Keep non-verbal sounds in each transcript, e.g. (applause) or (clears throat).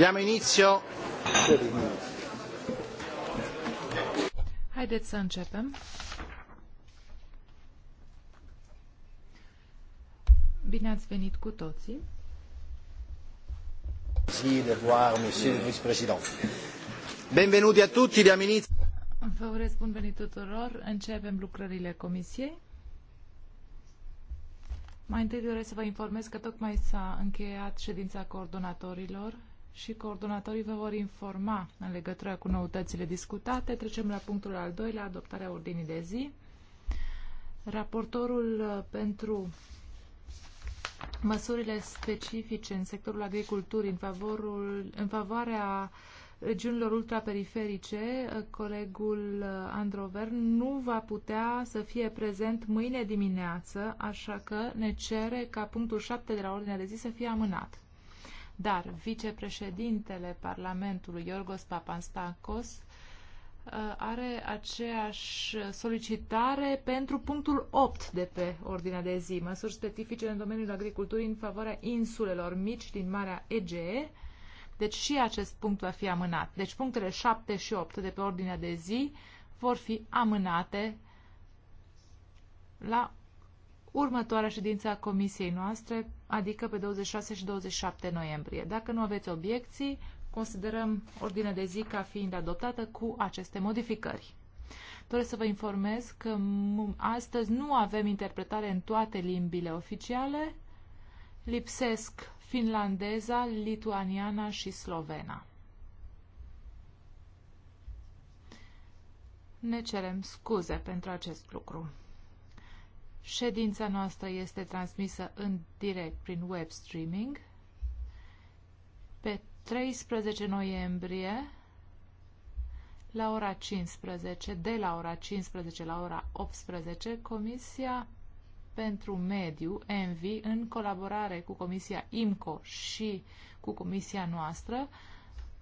Diamo inizio. Haideți să începem. Bine ați venit cu toții. Merci de voir, monsieur le vice-président. Benvenuti a tutti, diamo inizio. Vă urez bun venit tuturor. Începem lucrările comisiei. Mai întâi doresc să vă informez că tocmai s-a încheiat ședința coordonatorilor și coordonatorii vă vor informa în legătură cu noutățile discutate. Trecem la punctul al doilea, adoptarea ordinii de zi. Raportorul uh, pentru măsurile specifice în sectorul agriculturii în, favorul, în favoarea regiunilor ultraperiferice, uh, colegul uh, Androver nu va putea să fie prezent mâine dimineață, așa că ne cere ca punctul 7 de la ordinea de zi să fie amânat. Dar vicepreședintele Parlamentului, Iorgos Papanstakos, uh, are aceeași solicitare pentru punctul 8 de pe ordinea de zi, măsuri specifice în domeniul agriculturii în favoarea insulelor mici din Marea Egee. Deci și acest punct va fi amânat. Deci punctele 7 și 8 de pe ordinea de zi vor fi amânate la următoarea ședință a comisiei noastre, adică pe 26 și 27 noiembrie. Dacă nu aveți obiecții, considerăm ordinea de zi ca fiind adoptată cu aceste modificări. Doresc să vă informez că astăzi nu avem interpretare în toate limbile oficiale, lipsesc finlandeza, lituaniana și slovena. Ne cerem scuze pentru acest lucru. Ședința noastră este transmisă în direct prin web streaming. Pe 13 noiembrie, la ora 15, de la ora 15 la ora 18, Comisia pentru Mediu, ENVI, în colaborare cu Comisia IMCO și cu Comisia noastră,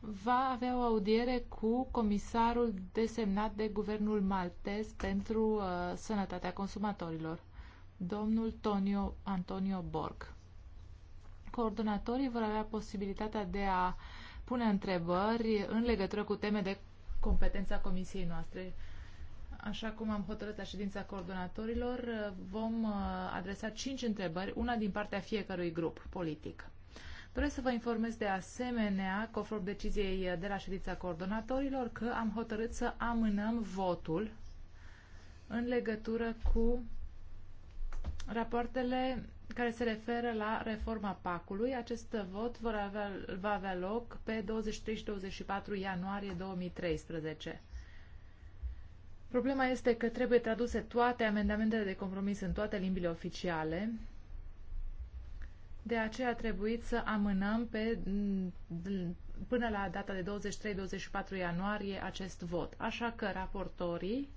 va avea o audiere cu comisarul desemnat de guvernul maltez pentru uh, sănătatea consumatorilor domnul Tonio, Antonio Borg. Coordonatorii vor avea posibilitatea de a pune întrebări în legătură cu teme de competența comisiei noastre. Așa cum am hotărât la ședința coordonatorilor, vom uh, adresa cinci întrebări, una din partea fiecărui grup politic. Doresc să vă informez de asemenea, conform deciziei de la ședința coordonatorilor, că am hotărât să amânăm votul în legătură cu rapoartele care se referă la reforma PAC-ului. Acest vot vor avea, va avea loc pe 23 și 24 ianuarie 2013. Problema este că trebuie traduse toate amendamentele de compromis în toate limbile oficiale. De aceea a trebuit să amânăm pe, până la data de 23-24 ianuarie acest vot. Așa că raportorii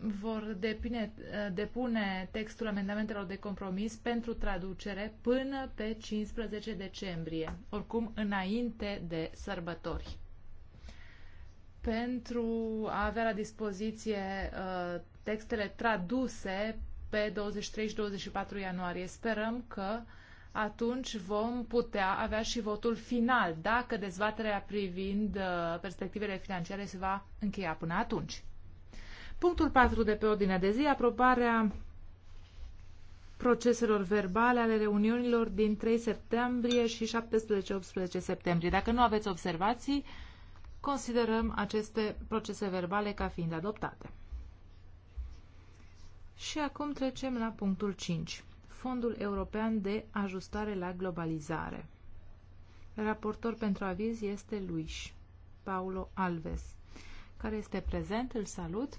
vor depine, eh, depune textul amendamentelor de compromis pentru traducere până pe 15 decembrie, oricum înainte de sărbători. Pentru a avea la dispoziție uh, textele traduse pe 23 și 24 ianuarie. Sperăm că atunci vom putea avea și votul final, dacă dezbaterea privind uh, perspectivele financiare se va încheia până atunci. Punctul 4 de pe ordinea de zi, aprobarea proceselor verbale ale reuniunilor din 3 septembrie și 17-18 septembrie. Dacă nu aveți observații, considerăm aceste procese verbale ca fiind adoptate. Și acum trecem la punctul 5. Fondul European de Ajustare la Globalizare. Raportor pentru aviz este Luis Paulo Alves, care este prezent, îl salut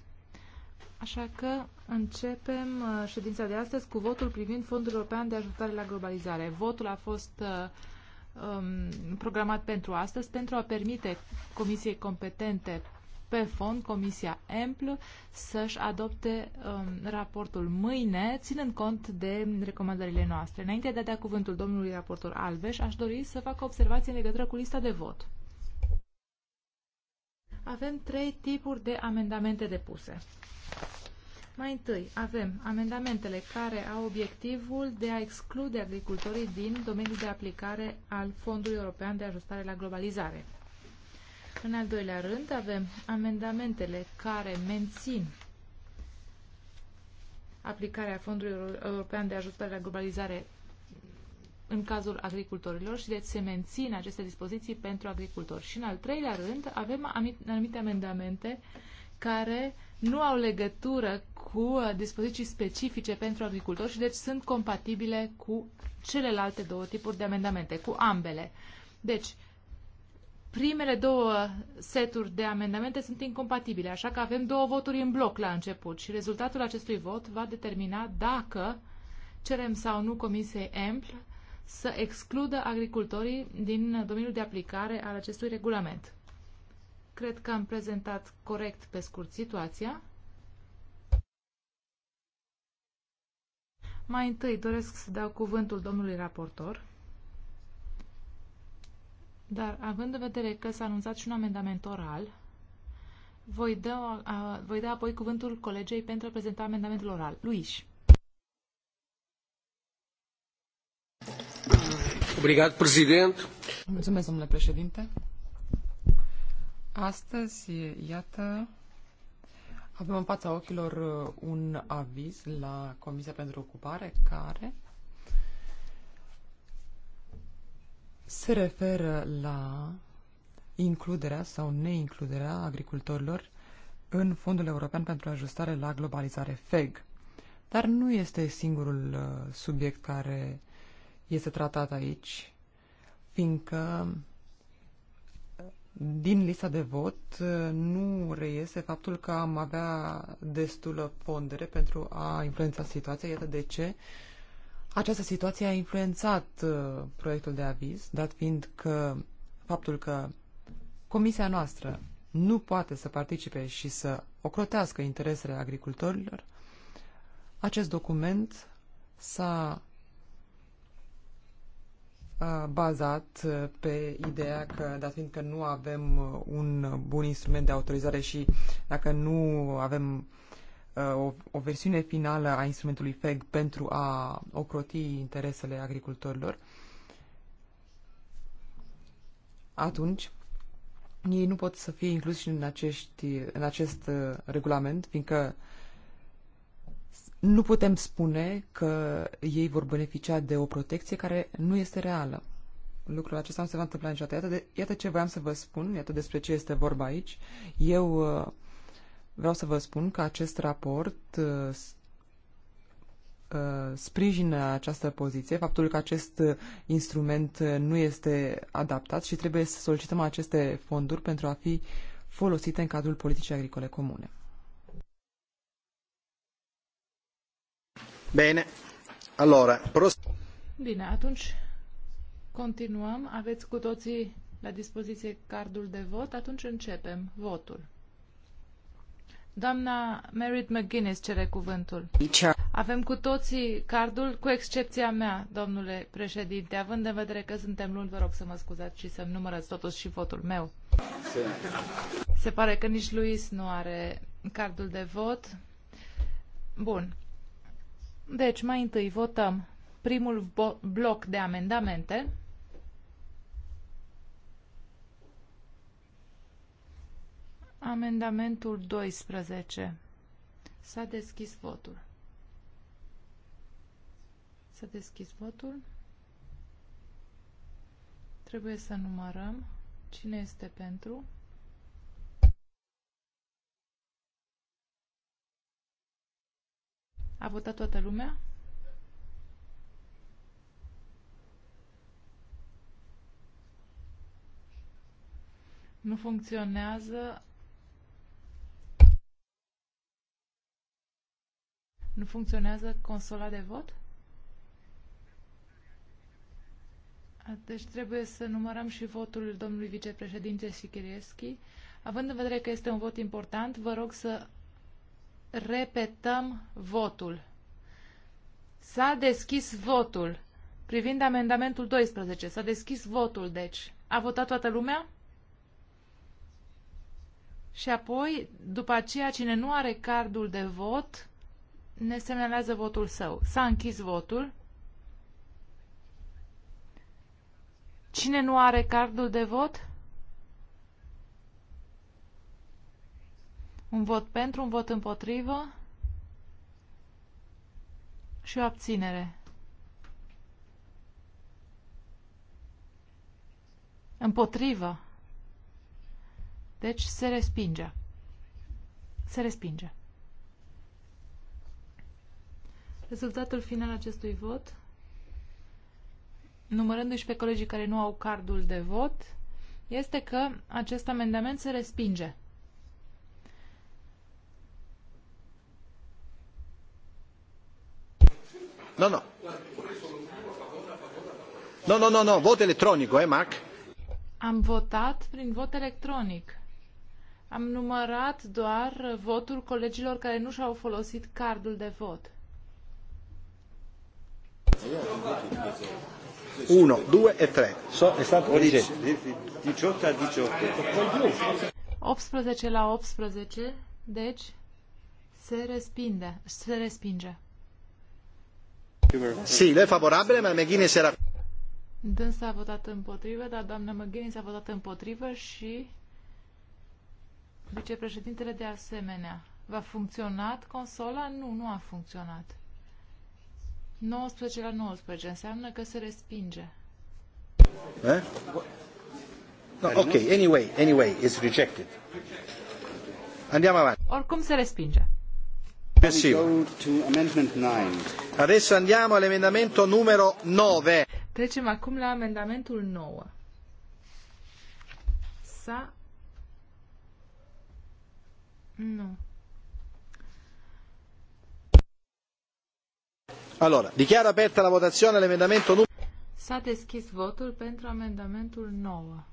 Așa că începem uh, ședința de astăzi cu votul privind Fondul European de Ajutare la Globalizare. Votul a fost uh, um, programat pentru astăzi pentru a permite Comisiei competente pe fond, Comisia EMPL, să-și adopte um, raportul mâine, ținând cont de recomandările noastre. Înainte de a da cuvântul domnului raportor Alves, aș dori să fac observații în legătură cu lista de vot. Avem trei tipuri de amendamente depuse. Mai întâi, avem amendamentele care au obiectivul de a exclude agricultorii din domeniul de aplicare al Fondului European de Ajustare la Globalizare. În al doilea rând, avem amendamentele care mențin aplicarea Fondului European de Ajustare la Globalizare în cazul agricultorilor și deci se mențin aceste dispoziții pentru agricultori. Și în al treilea rând, avem anumite amendamente uh, care nu au legătură cu uh, dispoziții specifice pentru agricultori și deci sunt compatibile cu celelalte două tipuri de amendamente, cu ambele. Deci, primele două seturi de amendamente sunt incompatibile, așa că avem două voturi în bloc la început și rezultatul acestui vot va determina dacă cerem sau nu Comisiei EMPL să excludă agricultorii din domeniul de aplicare al acestui regulament. Cred că am prezentat corect pe scurt situația. Mai întâi doresc să dau cuvântul domnului raportor. Dar având în vedere că s-a anunțat și un amendament oral, voi da, a, voi da apoi cuvântul colegei pentru a prezenta amendamentul oral. Luis. Obrigat, prezident. Mulțumesc, domnule președinte. Astăzi, iată, avem în fața ochilor uh, un aviz la Comisia pentru Ocupare care se referă la includerea sau neincluderea agricultorilor în Fondul European pentru Ajustare la Globalizare, FEG. Dar nu este singurul uh, subiect care este tratat aici, fiindcă din lista de vot nu reiese faptul că am avea destulă pondere pentru a influența situația. Iată de ce această situație a influențat uh, proiectul de aviz, dat fiind că faptul că comisia noastră nu poate să participe și să ocrotească interesele agricultorilor, acest document s-a bazat pe ideea că, dat fiind că nu avem un bun instrument de autorizare și dacă nu avem o, o versiune finală a instrumentului FEG pentru a ocroti interesele agricultorilor, atunci ei nu pot să fie inclusi în, acești, în acest regulament, fiindcă uh, nu putem spune că ei vor beneficia de o protecție care nu este reală. Lucrul acesta nu se va întâmpla niciodată. Iată, de, iată ce voiam să vă spun, iată despre ce este vorba aici. Eu uh, vreau să vă spun că acest raport uh, uh sprijină această poziție, faptul că acest uh, instrument uh, nu este adaptat și trebuie să solicităm aceste fonduri pentru a fi folosite în cadrul politicii agricole comune. Bine. Allora, prost... Bine, atunci continuăm. Aveți cu toții la dispoziție cardul de vot. Atunci începem votul. Doamna Merit McGuinness cere cuvântul. Avem cu toții cardul, cu excepția mea, domnule președinte. Având în vedere că suntem luni, vă rog să mă scuzați și să-mi numărați totuși și votul meu. Se pare că nici Luis nu are cardul de vot. Bun. Deci, mai întâi votăm primul bloc de amendamente. Amendamentul 12. S-a deschis votul. S-a deschis votul. Trebuie să numărăm cine este pentru. A votat toată lumea? Nu funcționează. Nu funcționează consola de vot? Deci trebuie să numărăm și votul domnului vicepreședinte Sikirieschi. Având în vedere că este un vot important, vă rog să repetăm votul. S-a deschis votul privind amendamentul 12. S-a deschis votul, deci. A votat toată lumea? Și apoi, după aceea, cine nu are cardul de vot, ne semnalează votul său. S-a închis votul. Cine nu are cardul de vot? Un vot pentru, un vot împotrivă și o abținere. Împotrivă. Deci se respinge. Se respinge. Rezultatul final acestui vot, numărându-și pe colegii care nu au cardul de vot, este că acest amendament se respinge. No, no. No, no, no, no. Vot electronic, eh, Mac? Am votat prin vot electronic. Am numărat doar votul colegilor care nu și-au folosit cardul de vot. 1, 2 e 3. So, è stato 18 a 18. 18 la 18, deci se respinde, Se respinge. Sì, lei è favorabile, ma McGuinness era... Dânsa a votat împotrivă, dar doamna McGuinness a votat împotrivă și vicepreședintele de asemenea. Va funcționat consola? Nu, nu a funcționat. 19 la 19 înseamnă că se respinge. Eh? No, ok, anyway, anyway, it's rejected. Andiamo avanti. Oricum se respinge. Adesso andiamo all'emendamento numero 9. Trecem acum la amendamentul 9. Sa... Nu. Allora, dichiaro aperta la votazione all'emendamento numero... S-a deschis votul pentru amendamentul 9.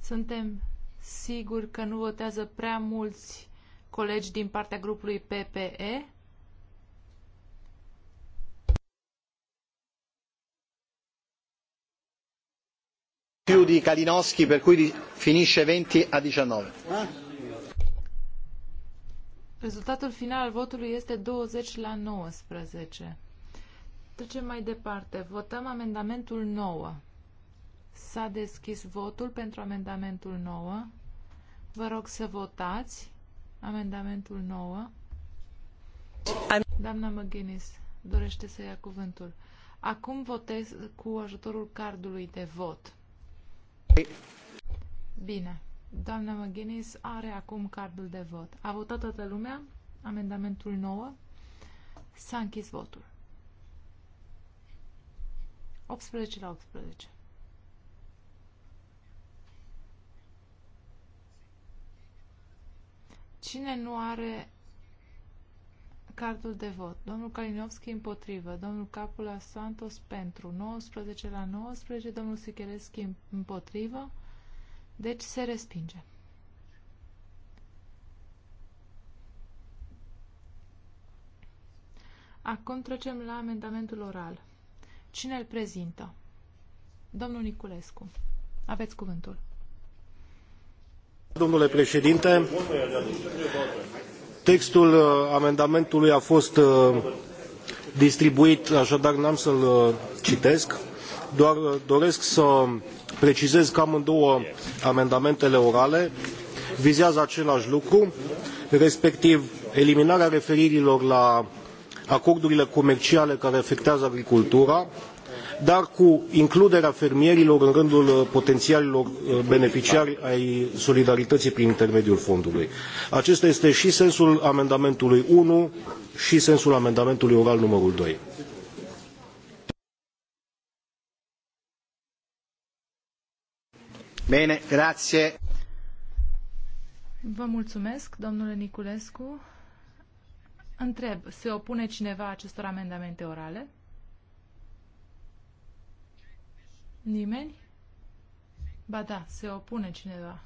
Suntem siguri că nu votează prea mulți colegi din partea grupului PPE. più di Kalinowski per cui finisce 20 a 19. Rezultatul final al votului este 20 la 19. Trecem mai departe. Votăm amendamentul 9. S-a deschis votul pentru amendamentul 9. Vă rog să votați. Amendamentul 9. Doamna McGuinness dorește să ia cuvântul. Acum votez cu ajutorul cardului de vot. Bine. Doamna McGuinness are acum cardul de vot. A votat toată lumea? Amendamentul 9. S-a închis votul. 18 la 18. Cine nu are cardul de vot? Domnul Kalinovski împotrivă, domnul Capula Santos pentru, 19 la 19, domnul Sichereschi împotrivă, deci se respinge. Acum trecem la amendamentul oral. Cine îl prezintă? Domnul Niculescu. Aveți cuvântul. Domnule președinte, textul uh, amendamentului a fost uh, distribuit, așadar nu am să-l uh, citesc. Doar doresc să precizez că amândouă amendamentele orale vizează acelai lucru, respectiv eliminarea referirilor la acordurile comerciale care afectează agricultura, dar cu includerea fermierilor în rândul uh, potențialilor uh, beneficiari ai solidarității prin intermediul fondului. Acesta este și sensul amendamentului 1 și sensul amendamentului oral numărul 2. Bine, grație. Vă mulțumesc, domnule Niculescu. Întreb, se opune cineva acestor amendamente orale? Nimeni? Ba da, se opune cineva.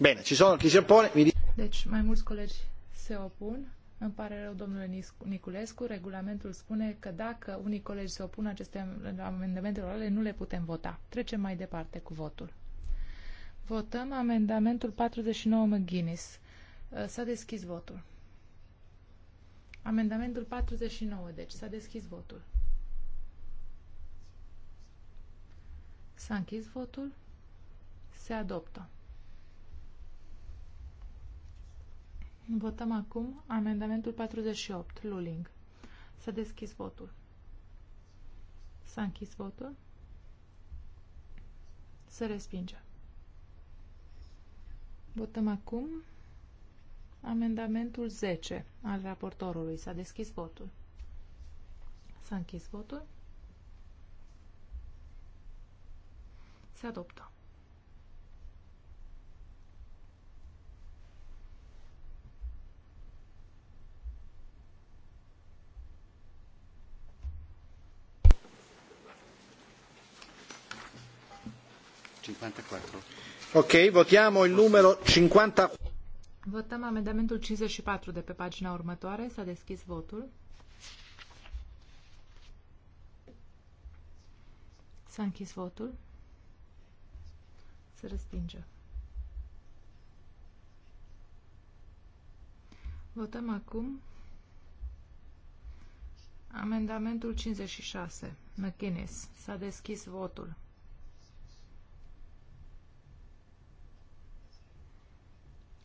Bine, ci sono chi si oppone, mi Deci, mai mulți colegi se opun. Îmi pare rău, domnule Niculescu, regulamentul spune că dacă unii colegi se opun aceste amendamente orale, nu le putem vota. Trecem mai departe cu votul. Votăm amendamentul 49 McGuinness. Ă, s-a deschis votul. Amendamentul 49, deci s-a deschis votul. S-a închis votul. Se adoptă. Votăm acum amendamentul 48, Luling. S-a deschis votul. S-a închis votul. Se respinge. Votăm acum Amendamentul 10 al raportorului. S-a deschis votul. S-a închis votul. Se adoptă. Ok, votiamo il numero 54. Votăm amendamentul 54 de pe pagina următoare. S-a deschis votul. S-a închis votul. Se respinge. Votăm acum amendamentul 56. McInnes. S-a deschis votul.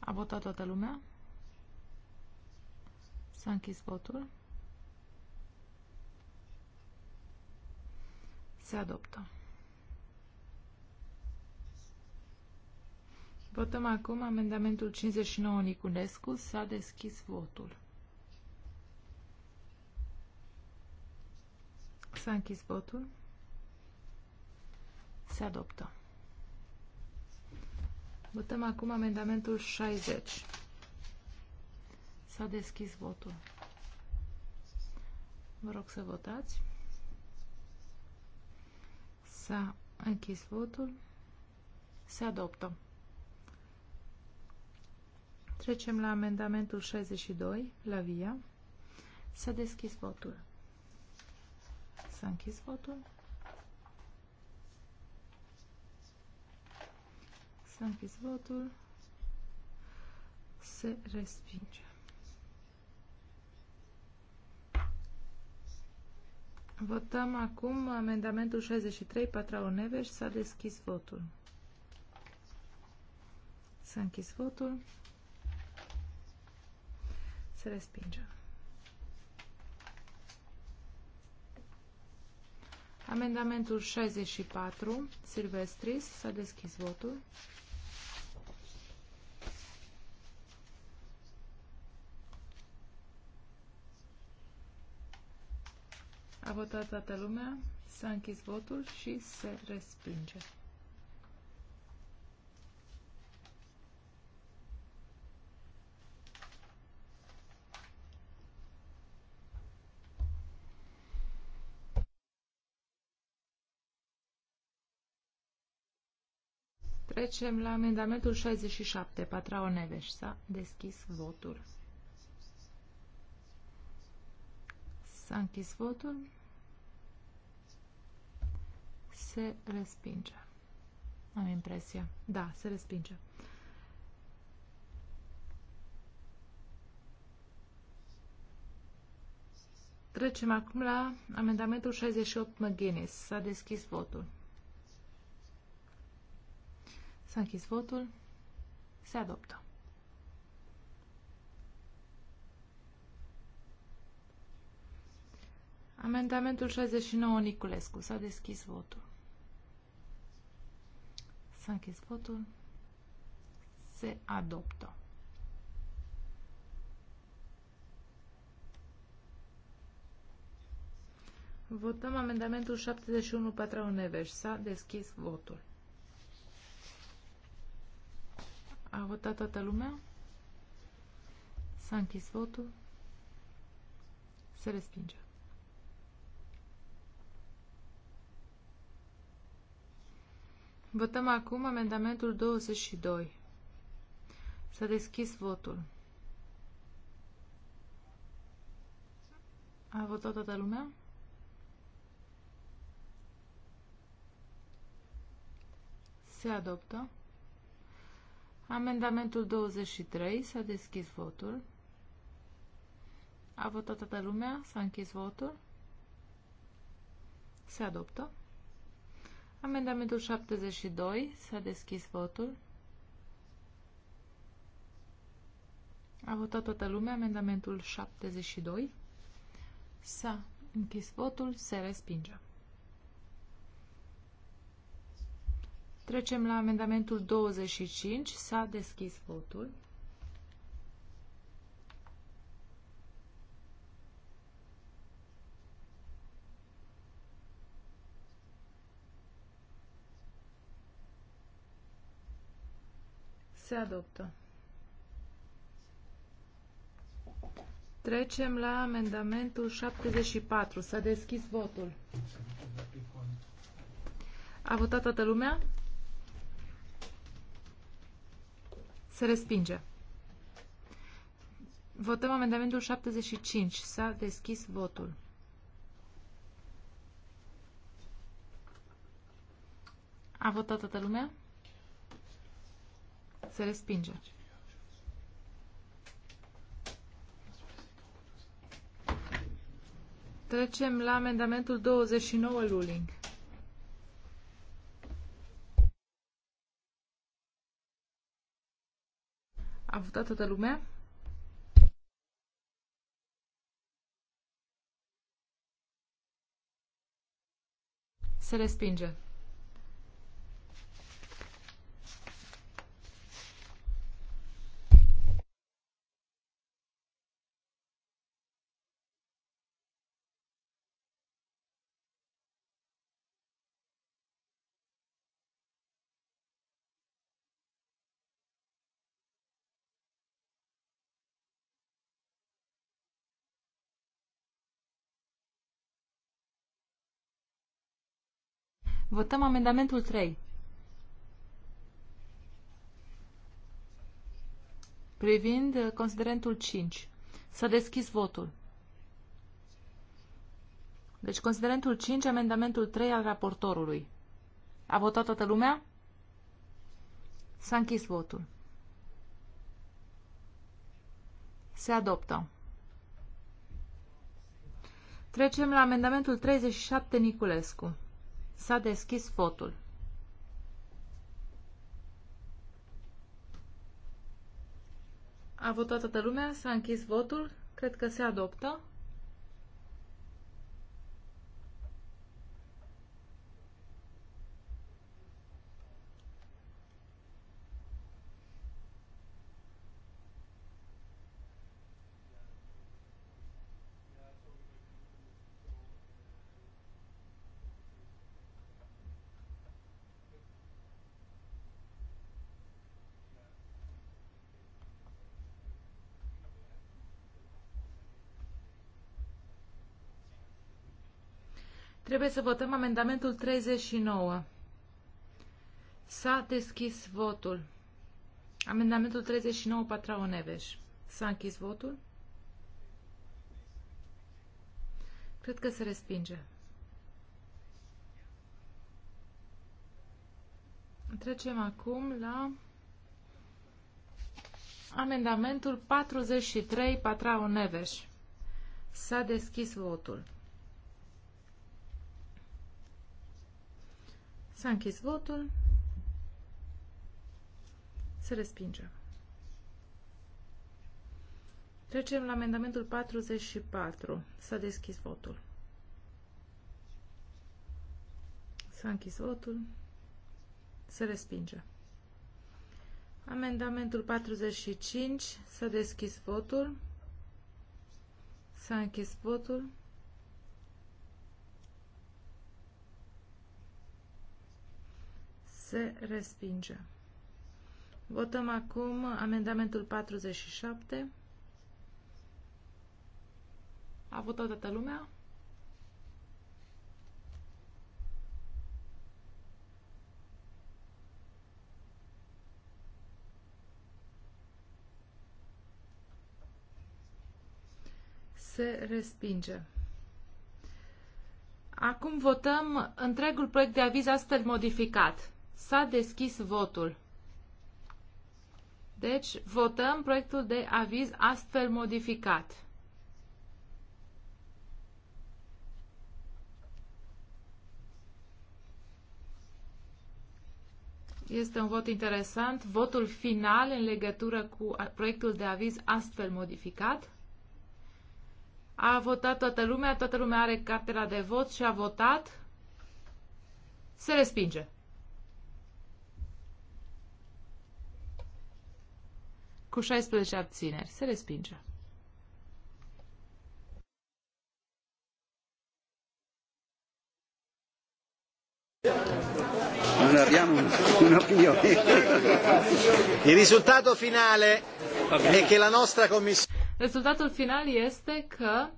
A votat toată lumea. S-a închis votul. Se adoptă. Votăm acum amendamentul 59 Niculescu. S-a deschis votul. S-a închis votul. Se adoptă. Votăm acum amendamentul 60. S-a deschis votul. Vă rog să votați. S-a închis votul. Se adoptă. Trecem la amendamentul 62, la via. S-a deschis votul. S-a închis votul. Să închizi votul. Se respinge. Votăm acum amendamentul 63, Patrao Neveș. S-a deschis votul. S-a închis votul. Se respinge. Amendamentul 64, Silvestris, s-a deschis votul. votat toată lumea, s-a închis votul și se respinge. Trecem la amendamentul 67, Patrao Neveș. S-a deschis votul. S-a închis votul se respinge. Am impresia. Da, se respinge. Trecem acum la amendamentul 68 McGuinness. S-a deschis votul. S-a închis votul. Se adoptă. Amendamentul 69, Niculescu. S-a deschis votul. S-a închis votul. Se adoptă. Votăm amendamentul 71 Patrau Neveș. S-a deschis votul. A votat toată lumea? S-a închis votul? Se respinge. Votăm acum amendamentul 22. S-a deschis votul. A votat toată lumea? Se adoptă. Amendamentul 23. S-a deschis votul. A votat toată lumea? S-a închis votul? Se adoptă. Amendamentul 72. S-a deschis votul. A votat toată lumea amendamentul 72. S-a închis votul, se respinge. Trecem la amendamentul 25. S-a deschis votul. Se adoptă. Trecem la amendamentul 74. S-a deschis votul. A votat toată lumea? Se respinge. Votăm amendamentul 75. S-a deschis votul. A votat toată lumea? se respinge. Trecem la amendamentul 29 Luling. A votat toată lumea? Se respinge. Votăm amendamentul 3. Privind uh, considerentul 5. S-a deschis votul. Deci considerentul 5, amendamentul 3 al raportorului. A votat toată lumea? S-a închis votul. Se adoptă. Trecem la amendamentul 37 Niculescu. S-a deschis votul. A votat toată lumea, s-a închis votul, cred că se adoptă. Trebuie să votăm amendamentul 39. S-a deschis votul. Amendamentul 39, Patrao Neveș. S-a închis votul? Cred că se respinge. Trecem acum la amendamentul 43, Patrao Neveș. S-a deschis votul. S-a închis votul. Se respinge. Trecem la amendamentul 44. S-a deschis votul. S-a închis votul. Se respinge. Amendamentul 45. S-a deschis votul. S-a închis votul. se respinge. Votăm acum amendamentul 47. A votat toată lumea? Se respinge. Acum votăm întregul proiect de aviz astfel modificat. S-a deschis votul. Deci, votăm proiectul de aviz astfel modificat. Este un vot interesant. Votul final în legătură cu proiectul de aviz astfel modificat. A votat toată lumea, toată lumea are cartela de vot și a votat. Se respinge. cu 16 abțineri. Se respinge. Non abbiamo un'opinione. Il risultato finale è che la nostra commissione. Il risultato finale è che la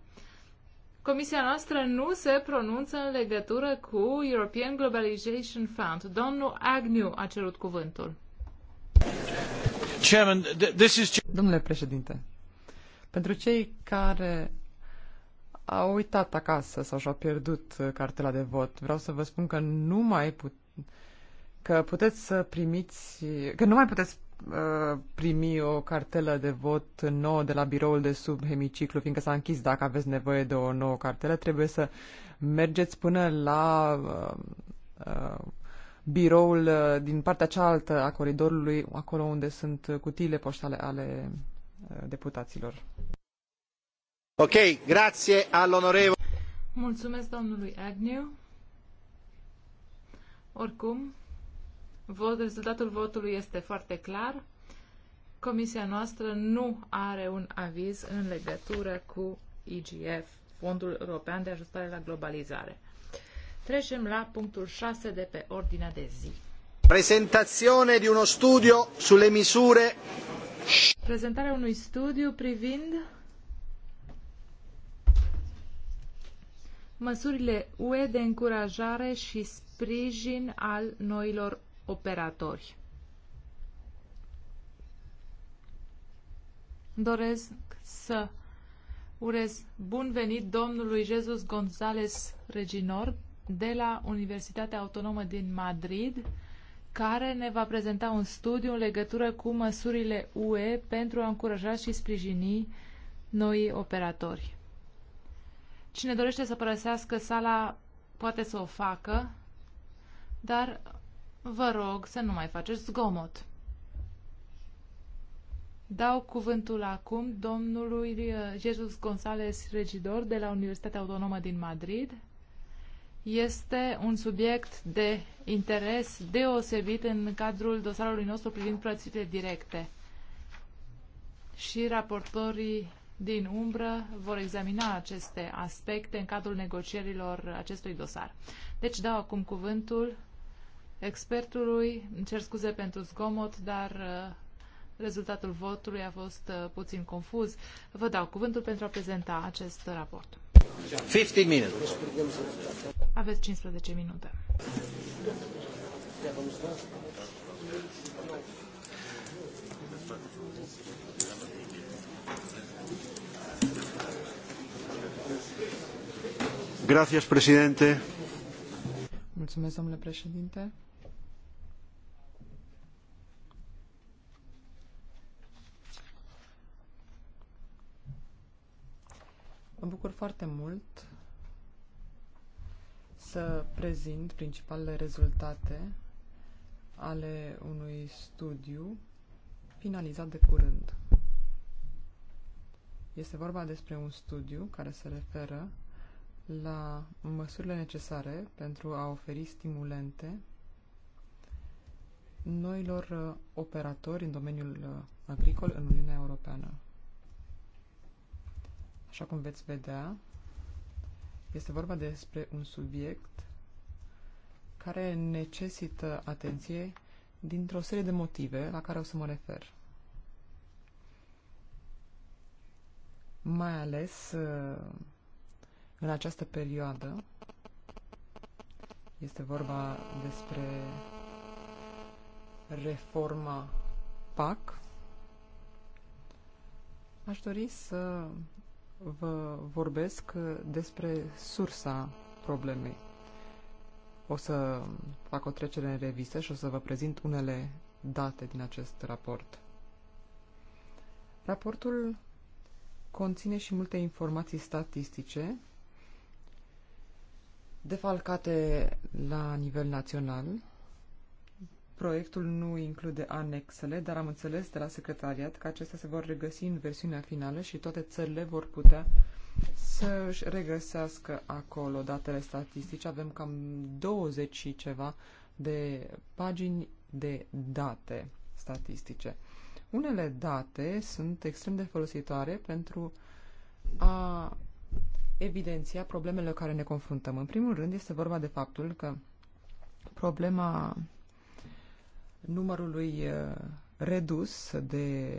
commissione nostra non si pronuncia in legatura con European Globalization Fund. Donno Agnew ha ceduto il cuvântul. Domnule președinte, pentru cei care au uitat acasă sau și-au pierdut uh, cartela de vot, vreau să vă spun că nu mai put... că puteți să primiți... că nu mai puteți uh, primi o cartelă de vot nouă de la biroul de sub hemiciclu, fiindcă s-a închis. Dacă aveți nevoie de o nouă cartelă, trebuie să mergeți până la uh, uh, biroul uh, din partea cealaltă a coridorului, acolo unde sunt cutiile poștale ale uh, deputaților. Ok, al all'onorevole. Mulțumesc domnului Agnew. Oricum, vot, rezultatul votului este foarte clar. Comisia noastră nu are un aviz în legătură cu IGF, Fondul European de Ajustare la Globalizare. Trecem la punctul 6 de pe ordinea de zi. di uno studio sulle misure Prezentarea unui studiu privind măsurile UE de încurajare și sprijin al noilor operatori. Doresc să urez bun venit domnului Jesus González Reginor, de la Universitatea Autonomă din Madrid, care ne va prezenta un studiu în legătură cu măsurile UE pentru a încuraja și sprijini noi operatori. Cine dorește să părăsească sala poate să o facă, dar vă rog să nu mai faceți zgomot. Dau cuvântul acum domnului uh, Jesus González Regidor de la Universitatea Autonomă din Madrid, este un subiect de interes deosebit în cadrul dosarului nostru privind plățile directe. Și raportorii din umbră vor examina aceste aspecte în cadrul negocierilor acestui dosar. Deci dau acum cuvântul expertului. cer scuze pentru zgomot, dar uh, rezultatul votului a fost uh, puțin confuz. Vă dau cuvântul pentru a prezenta acest raport. 15 minute. Aveți 15 minute. Gracias, presidente. Mulțumesc, domnule președinte. foarte mult să prezint principalele rezultate ale unui studiu finalizat de curând. Este vorba despre un studiu care se referă la măsurile necesare pentru a oferi stimulente noilor uh, operatori în domeniul uh, agricol în Uniunea Europeană. Așa cum veți vedea, este vorba despre un subiect care necesită atenție dintr-o serie de motive la care o să mă refer. Mai ales uh, în această perioadă este vorba despre reforma PAC. Aș dori să vă vorbesc uh, despre sursa problemei. O să fac o trecere în revistă și o să vă prezint unele date din acest raport. Raportul conține și multe informații statistice defalcate la nivel național Proiectul nu include anexele, dar am înțeles de la secretariat că acestea se vor regăsi în versiunea finală și toate țările vor putea să își regăsească acolo datele statistice. Avem cam 20 și ceva de pagini de date statistice. Unele date sunt extrem de folositoare pentru a evidenția problemele care ne confruntăm. În primul rând este vorba de faptul că problema numărului uh, redus de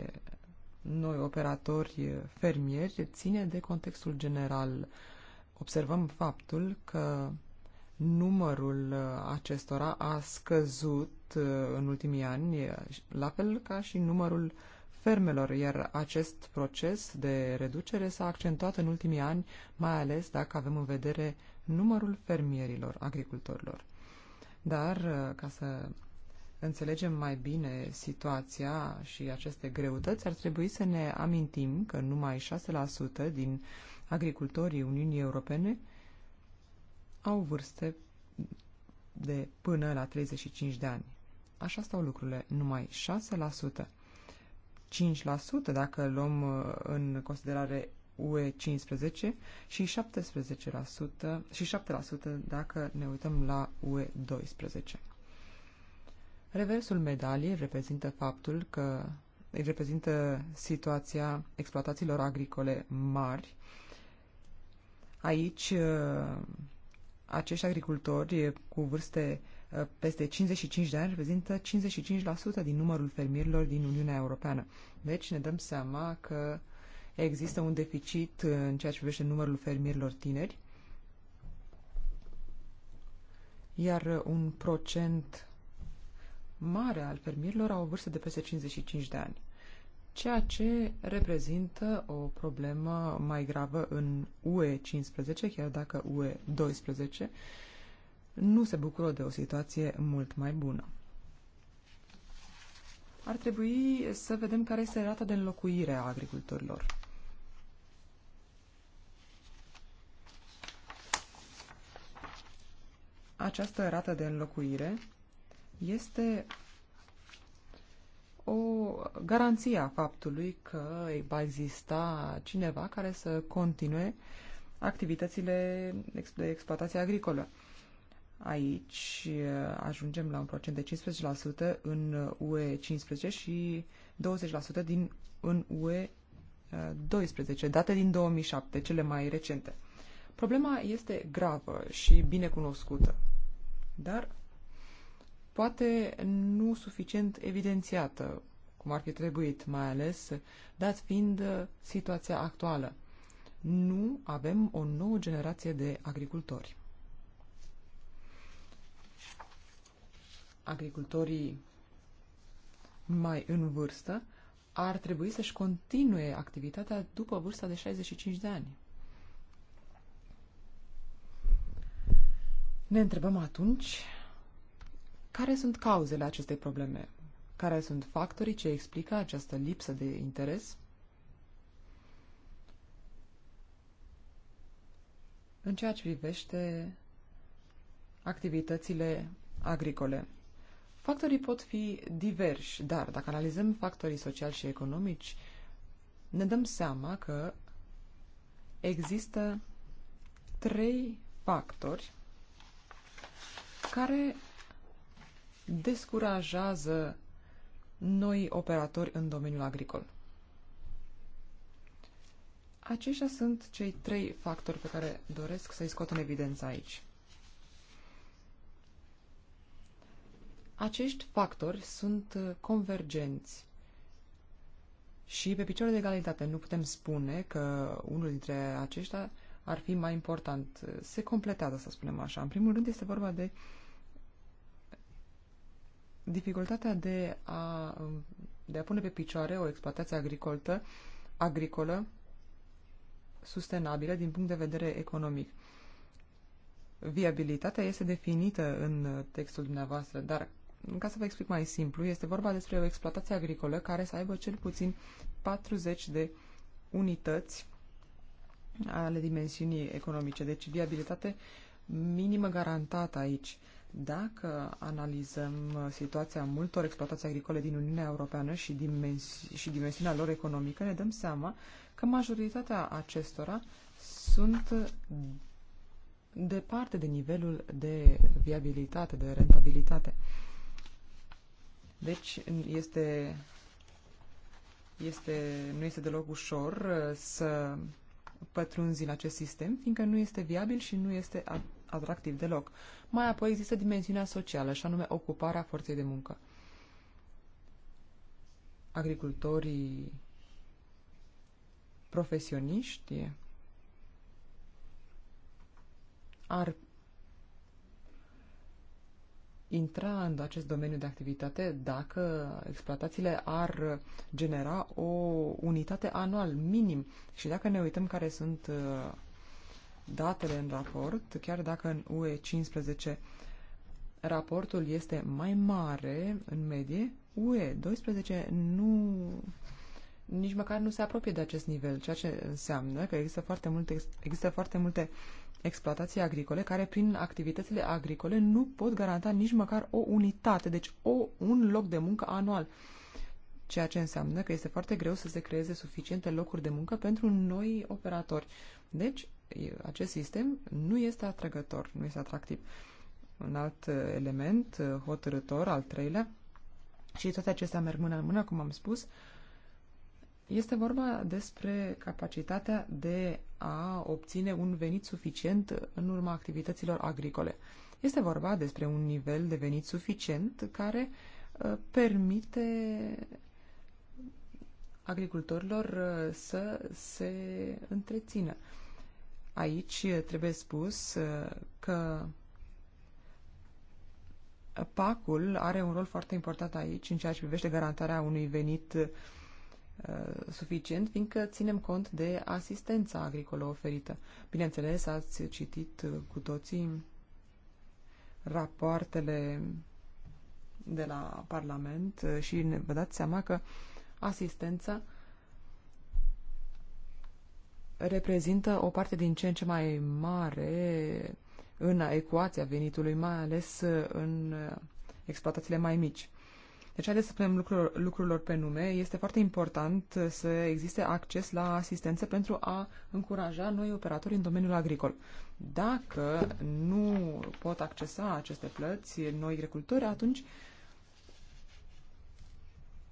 noi operatori uh, fermieri ține de contextul general. Observăm faptul că numărul uh, acestora a scăzut în ultimii ani, la fel ca și numărul fermelor, iar acest proces de reducere s-a accentuat în ultimii ani, mai ales dacă avem în vedere numărul fermierilor, agricultorilor. Dar, ca să înțelegem mai bine situația și aceste greutăți, ar trebui să ne amintim că numai 6% din agricultorii Uniunii Europene au vârste de până la 35 de ani. Așa stau lucrurile, numai 6%. 5% dacă luăm uh, în considerare UE 15 și 17% și 7% dacă ne uităm la UE 12. Reversul medaliei reprezintă faptul că îi reprezintă situația exploatațiilor agricole mari. Aici, uh, acești agricultori cu vârste uh, peste 55 de ani reprezintă 55% din numărul fermierilor din Uniunea Europeană. Deci ne dăm seama că există un deficit în ceea ce privește numărul fermierilor tineri, iar un procent mare al fermierilor au o vârstă de peste 55 de ani, ceea ce reprezintă o problemă mai gravă în UE 15, chiar dacă UE 12 nu se bucură de o situație mult mai bună. Ar trebui să vedem care este rata de înlocuire a agricultorilor. Această rată de înlocuire este o garanție a faptului că va exista cineva care să continue activitățile de exploatație agricolă. Aici uh, ajungem la un procent de 15% în uh, UE 15 și 20% din, în UE 12, uh, date din 2007, cele mai recente. Problema este gravă și bine cunoscută, dar poate nu suficient evidențiată, cum ar fi trebuit, mai ales dat fiind uh, situația actuală. Nu avem o nouă generație de agricultori. Agricultorii mai în vârstă ar trebui să-și continue activitatea după vârsta de 65 de ani. Ne întrebăm atunci care sunt cauzele acestei probleme? Care sunt factorii ce explică această lipsă de interes? În ceea ce privește activitățile agricole, factorii pot fi diversi, dar dacă analizăm factorii sociali și economici, ne dăm seama că există trei factori care descurajează noi operatori în domeniul agricol. Aceștia sunt cei trei factori pe care doresc să-i scot în evidență aici. Acești factori sunt uh, convergenți și pe picioare de egalitate nu putem spune că unul dintre aceștia ar fi mai important. Se completează, să spunem așa. În primul rând este vorba de uh, dificultatea de a, um, de a pune pe picioare o exploatație agricoltă, agricolă sustenabilă din punct de vedere economic. Viabilitatea este definită în textul dumneavoastră, dar ca să vă explic mai simplu, este vorba despre o exploatație agricolă care să aibă cel puțin 40 de unități ale dimensiunii economice. Deci viabilitate minimă garantată aici. Uh, dacă analizăm situația multor exploatații agricole din Uniunea Europeană și, dimensi- și dimensiunea lor economică, ne dăm seama că majoritatea acestora sunt departe de nivelul de viabilitate, de rentabilitate. Deci este, este, nu este deloc ușor uh, să pătrunzi în acest sistem, fiindcă nu este viabil și nu este atractiv deloc. Mai apoi există dimensiunea socială, și anume ocuparea forței de muncă. Agricultorii profesioniști ar intra în acest domeniu de activitate dacă exploatațiile ar genera o unitate anual minim și dacă ne uităm care sunt uh, datele în raport, chiar dacă în UE 15 raportul este mai mare în medie, UE 12 nu nici măcar nu se apropie de acest nivel, ceea ce înseamnă că există foarte multe, există foarte multe exploatații agricole care prin activitățile agricole nu pot garanta nici măcar o unitate, deci o, un loc de muncă anual ceea ce înseamnă că este foarte greu să se creeze suficiente locuri de muncă pentru noi operatori. Deci, acest sistem nu este atrăgător, nu este atractiv. Un alt uh, element uh, hotărător, al treilea, și toate acestea merg mână în mână, cum am spus, este vorba despre capacitatea de a obține un venit suficient în urma activităților agricole. Este vorba despre un nivel de venit suficient care uh, permite agricultorilor uh, să se întrețină. Aici uh, trebuie spus uh, că PAC-ul are un rol foarte important aici în ceea ce privește garantarea unui venit suficient, fiindcă ținem cont de asistența agricolă oferită. Bineînțeles, ați citit cu toții rapoartele de la Parlament și vă dați seama că uh, asistență reprezintă o parte din ce în ce mai mare în ecuația venitului, mai ales în uh, exploatațiile mai mici. Deci, haideți să punem lucrur, lucrurilor pe nume. Este foarte important să existe acces la asistență pentru a încuraja noi operatori în domeniul agricol. Dacă nu pot accesa aceste plăți noi agricultori, atunci uh,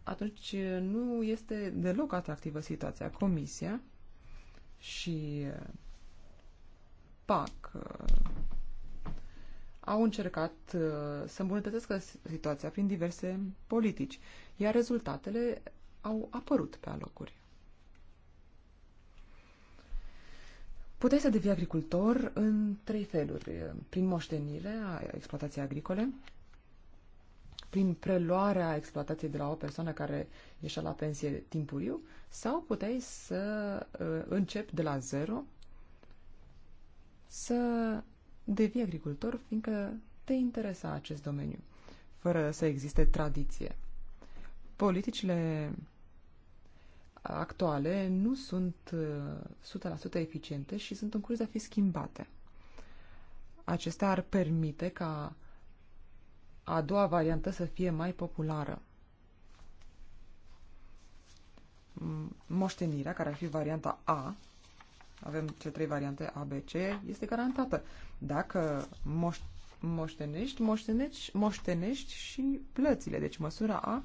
atunci uh, nu este deloc atractivă situația. Comisia și uh, PAC uh, au încercat să îmbunătățească situația prin diverse politici, iar rezultatele au apărut pe alocuri. Puteai să devii agricultor în trei feluri. Prin moștenire a exploatației agricole, prin preluarea exploatației de la o persoană care ieșea la pensie timpuriu, sau puteai să uh, începi de la zero, să devii agricultor, fiindcă te interesa acest domeniu, fără să existe tradiție. Politicile actuale nu sunt 100% uh, eficiente și sunt în curs de a fi schimbate. Acestea ar permite ca a doua variantă să fie mai populară. Mm, moștenirea, care ar fi varianta A, avem cele trei variante A, B, C, este garantată. Dacă moș moștenești, moștenești, moștenești și plățile. Deci măsura A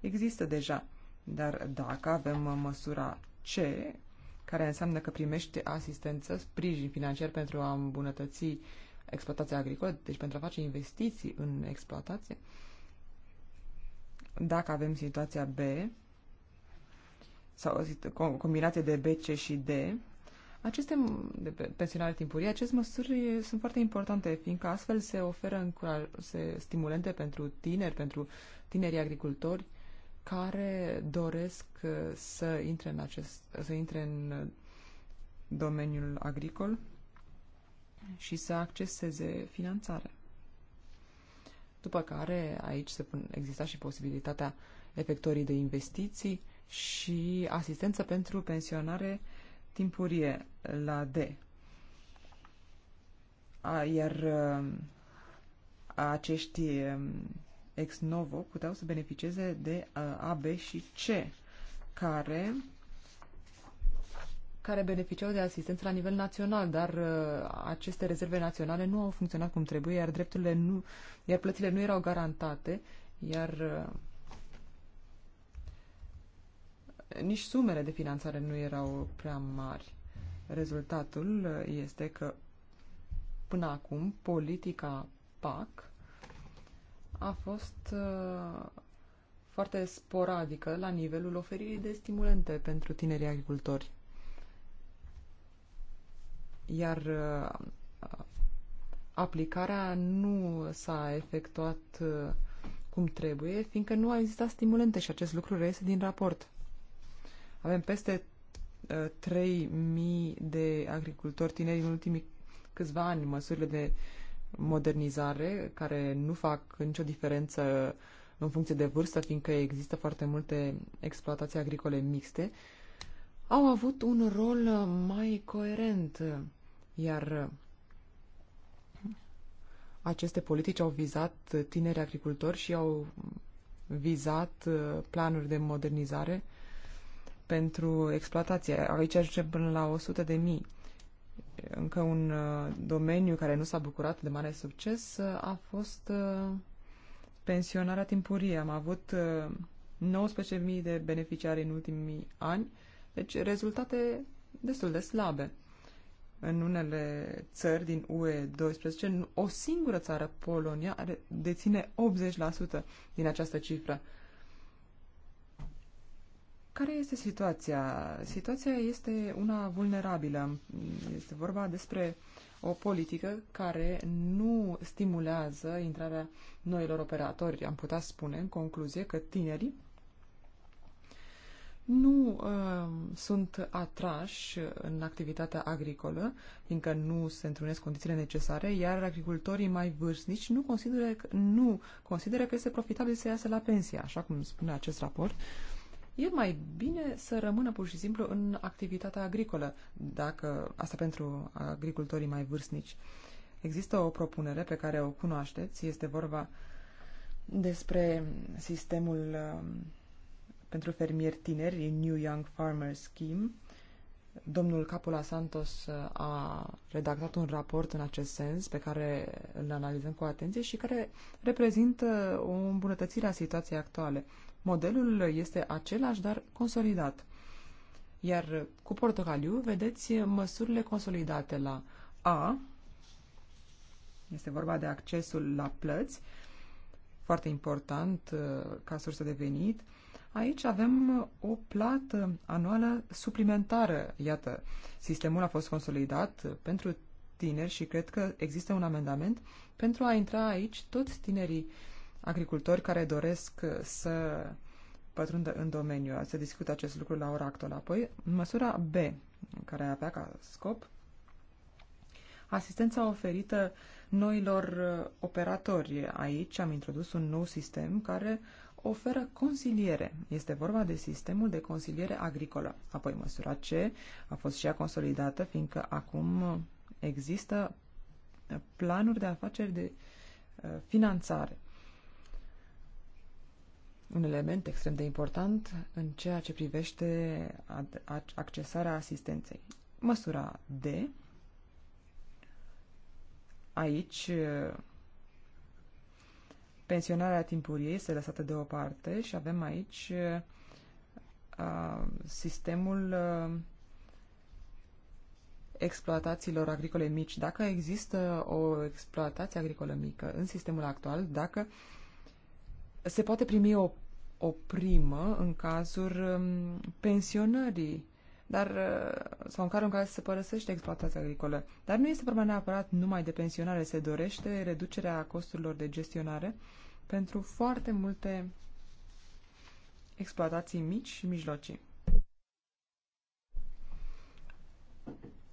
există deja. Dar dacă avem măsura C, care înseamnă că primește asistență, sprijin financiar pentru a îmbunătăți uh, exploatație agricolă, deci pentru a face investiții în exploatație, dacă avem situația B, sau o combinație de B, C și D, aceste de pensionare timpurie, aceste măsuri sunt foarte importante, fiindcă astfel se oferă se stimulente pentru tineri, pentru tinerii agricultori care doresc uh, să intre în, acest, să intre în uh, domeniul agricol și să acceseze finanțare. După care aici se pun, exista și posibilitatea efectorii de investiții și asistență pentru pensionare timpurie la D. A, iar acești um, ex novo puteau să beneficieze de uh, A, B și C, care care beneficiau de asistență la nivel național, dar uh, aceste rezerve naționale nu au funcționat cum trebuie, iar drepturile nu, iar plățile nu erau garantate, iar uh, nici sumele de finanțare nu erau prea mari. Rezultatul uh, este că până acum politica PAC a fost foarte sporadică la nivelul oferirii de stimulente pentru tinerii agricultori iar uh, aplicarea nu s-a efectuat uh, cum trebuie, fiindcă nu a existat stimulente și acest lucru reiese din raport. Avem peste 3.000 uh, de agricultori tineri în ultimii câțiva ani. Măsurile de modernizare care nu fac nicio diferență în funcție de vârstă, fiindcă există foarte multe exploatații agricole mixte, au avut un rol mai coerent iar uh, aceste politici au vizat tineri agricultori și au vizat uh, planuri de modernizare pentru exploatație. Aici ajungem până la 100 de mii. Încă un uh, domeniu care nu s-a bucurat de mare succes a fost pensionarea timpurie. Am avut 19.000 de beneficiari în ultimii ani, deci rezultate destul de slabe în unele țări din UE12, o singură țară, Polonia, are, deține 80% din această cifră. Care este situația? Situația este una vulnerabilă. Este vorba despre o politică care nu stimulează intrarea noilor operatori. Am putea spune, în concluzie, că tinerii nu uh, sunt atrași în activitatea agricolă, fiindcă nu se întrunesc condițiile necesare, iar agricultorii mai vârstnici nu consideră, că, nu consideră că este profitabil să iasă la pensie, așa cum spune acest raport. E mai bine să rămână pur și simplu în activitatea agricolă, dacă asta pentru agricultorii mai vârstnici. Există o propunere pe care o cunoașteți, este vorba despre sistemul uh, pentru fermieri tineri, New Young Farmer Scheme. Domnul Capula Santos uh, a redactat un raport în acest sens pe care îl analizăm cu atenție și care reprezintă o îmbunătățire a situației actuale. Modelul este același, dar consolidat. Iar cu portocaliu vedeți măsurile consolidate la A, este vorba de accesul la plăți, foarte important uh, ca sursă de venit, Aici avem uh, o plată anuală suplimentară. Iată, sistemul a fost consolidat uh, pentru tineri și cred că există un amendament pentru a intra aici toți tinerii agricultori care doresc uh, să pătrundă în domeniu. Se discută acest lucru la ora actuală. Apoi, măsura B, care avea ca scop asistența oferită noilor operatori. Aici am introdus un nou sistem care oferă consiliere. Este vorba de sistemul de consiliere agricolă. Apoi măsura C a fost și ea consolidată, fiindcă acum există planuri de afaceri de uh, finanțare. Un element extrem de important în ceea ce privește accesarea asistenței. Măsura D aici uh, Pensionarea timpurie este lăsată deoparte și avem aici uh, sistemul uh, exploatațiilor agricole mici. Dacă există o exploatație agricolă mică în sistemul actual, dacă se poate primi o, o primă în cazul um, pensionării dar, uh, sau în cazul în care se părăsește exploatația agricolă. Dar nu este vorba neapărat numai de pensionare, se dorește reducerea costurilor de gestionare pentru foarte multe exploatații mici și mijlocii.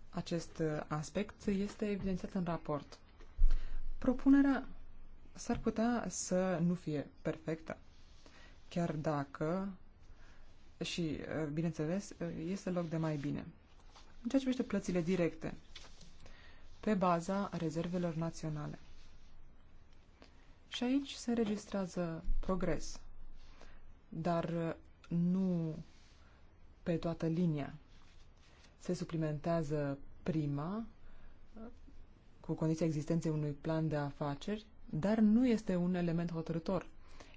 Acest uh, aspect este evidențiat în raport. Propunerea s-ar putea să nu fie perfectă, chiar dacă și, uh, bineînțeles, uh, este loc de mai bine. În ceea ce privește plățile directe, pe baza rezervelor naționale. Și aici se înregistrează progres, dar uh, nu pe toată linia. Se suplimentează prima cu condiția existenței unui plan de afaceri, dar nu este un element hotărător.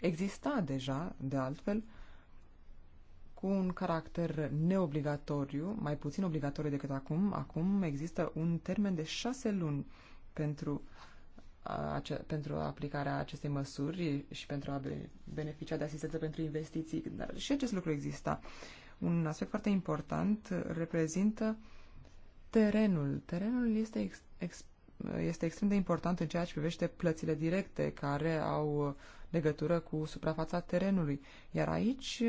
Exista deja, de altfel, cu un caracter neobligatoriu, mai puțin obligatoriu decât acum. Acum există un termen de șase luni pentru, ace, pentru aplicarea acestei măsuri și pentru a beneficia de asistență pentru investiții. Dar și acest lucru exista. Un aspect foarte important reprezintă terenul. Terenul este, ex, ex, este extrem de important în ceea ce privește plățile directe care au legătură cu suprafața terenului. Iar aici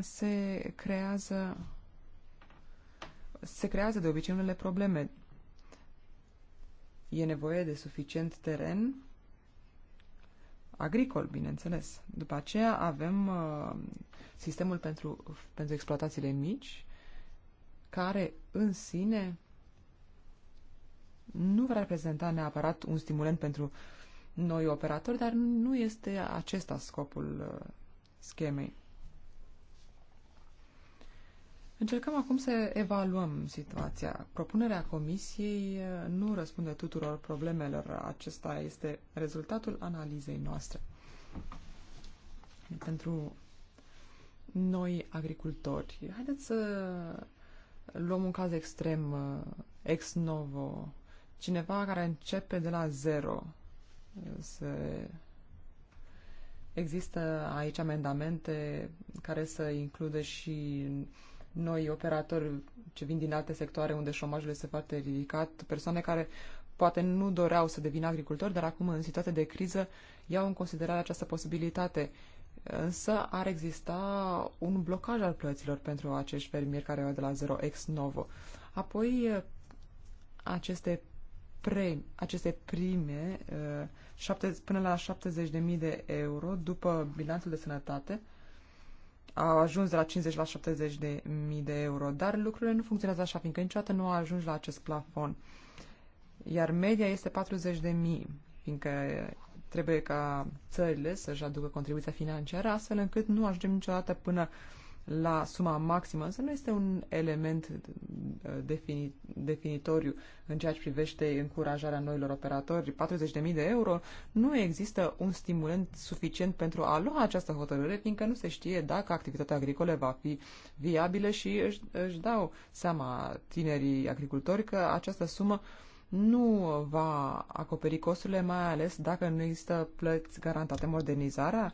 se creează se creează de obicei unele probleme. E nevoie de suficient teren agricol, bineînțeles. După aceea avem uh, sistemul pentru, pentru exploatațiile mici, care în sine nu va reprezenta neapărat un stimulant pentru noi operatori, dar nu este acesta scopul uh, schemei. Încercăm acum să evaluăm situația. Propunerea Comisiei eh, nu răspunde tuturor problemelor. Acesta este rezultatul analizei noastre. Pentru noi agricultori, haideți să luăm un caz extrem, eh, ex novo, cineva care începe de la zero. Se... Există aici amendamente care să includă și noi operatori ce vin din alte sectoare unde șomajul este foarte ridicat, persoane care poate nu doreau să devină agricultori, dar acum, în situație de criză, iau în considerare această posibilitate. Însă ar exista un blocaj al plăților pentru acești fermieri care au de la 0 ex novo. Apoi, aceste, pre, aceste prime, eh, șapte, până la 70.000 de euro, după bilanțul de sănătate, a ajuns de la 50 la 70 de mii de euro, dar lucrurile nu funcționează așa, fiindcă niciodată nu a ajuns la acest plafon. Iar media este 40 de mii, fiindcă trebuie ca țările să-și aducă contribuția financiară, astfel încât nu ajungem niciodată până uh, la suma maximă, însă nu este un element uh, defini, definitoriu în ceea ce privește încurajarea noilor operatori. 40.000 de euro nu există un stimulent suficient pentru a lua această hotărâre, fiindcă nu se știe dacă activitatea agricolă va fi viabilă și își, își dau seama tinerii agricultori că această sumă nu va acoperi costurile, mai ales dacă nu există plăți garantate modernizarea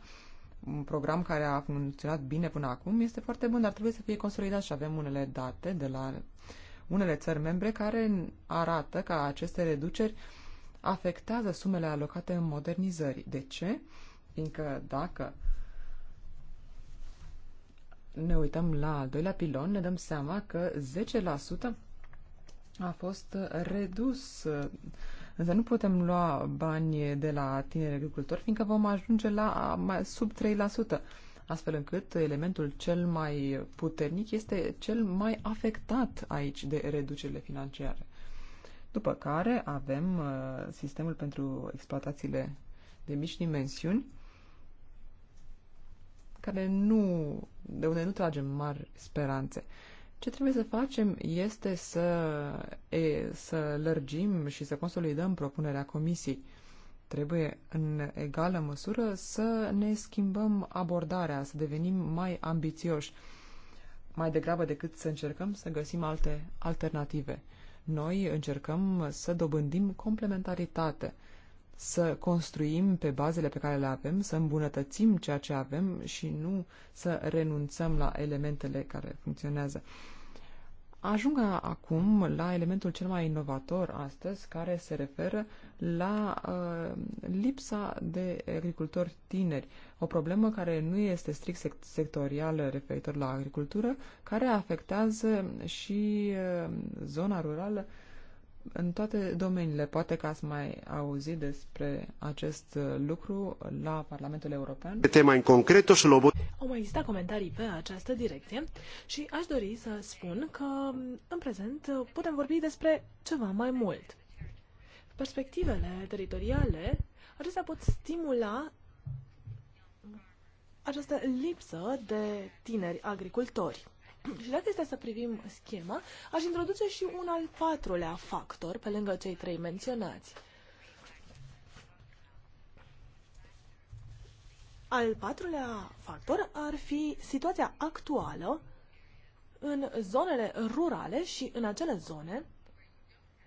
un program care a funcționat bine până acum este foarte bun, dar trebuie să fie consolidat și avem unele date de la unele țări membre care arată că aceste reduceri afectează sumele alocate în modernizări. De ce? Fiindcă dacă ne uităm la al doilea pilon, ne dăm seama că 10% a fost redus Însă nu putem lua bani de la tineri agricultori, fiindcă vom ajunge la sub 3%, astfel încât elementul cel mai puternic este cel mai afectat aici de reducerile financiare. După care avem uh, sistemul pentru exploatațiile de mici dimensiuni, care nu, de unde nu tragem mari speranțe. Ce trebuie să facem este să, e, să lărgim și să consolidăm propunerea comisiei. Trebuie în egală măsură să ne schimbăm abordarea, să devenim mai ambițioși, mai degrabă decât să încercăm să găsim alte alternative. Noi încercăm să dobândim complementaritate să construim pe bazele pe care le avem, să îmbunătățim ceea ce avem și nu să renunțăm la elementele care funcționează. Ajung acum la elementul cel mai inovator astăzi, care se referă la uh, lipsa de agricultori tineri, o problemă care nu este strict sectorială referitor la agricultură, care afectează și uh, zona rurală uh, în toate domeniile. Poate că ați mai auzit despre acest uh, lucru la Parlamentul European. Pe tema în concret o să Au mai existat comentarii pe această direcție și aș dori să spun că în prezent putem vorbi despre ceva mai mult. Perspectivele teritoriale, acestea pot stimula această lipsă de tineri agricultori. Și dacă este să privim schema, aș introduce și un al patrulea factor, pe lângă cei trei menționați. Al patrulea factor ar fi situația actuală în zonele rurale și în acele zone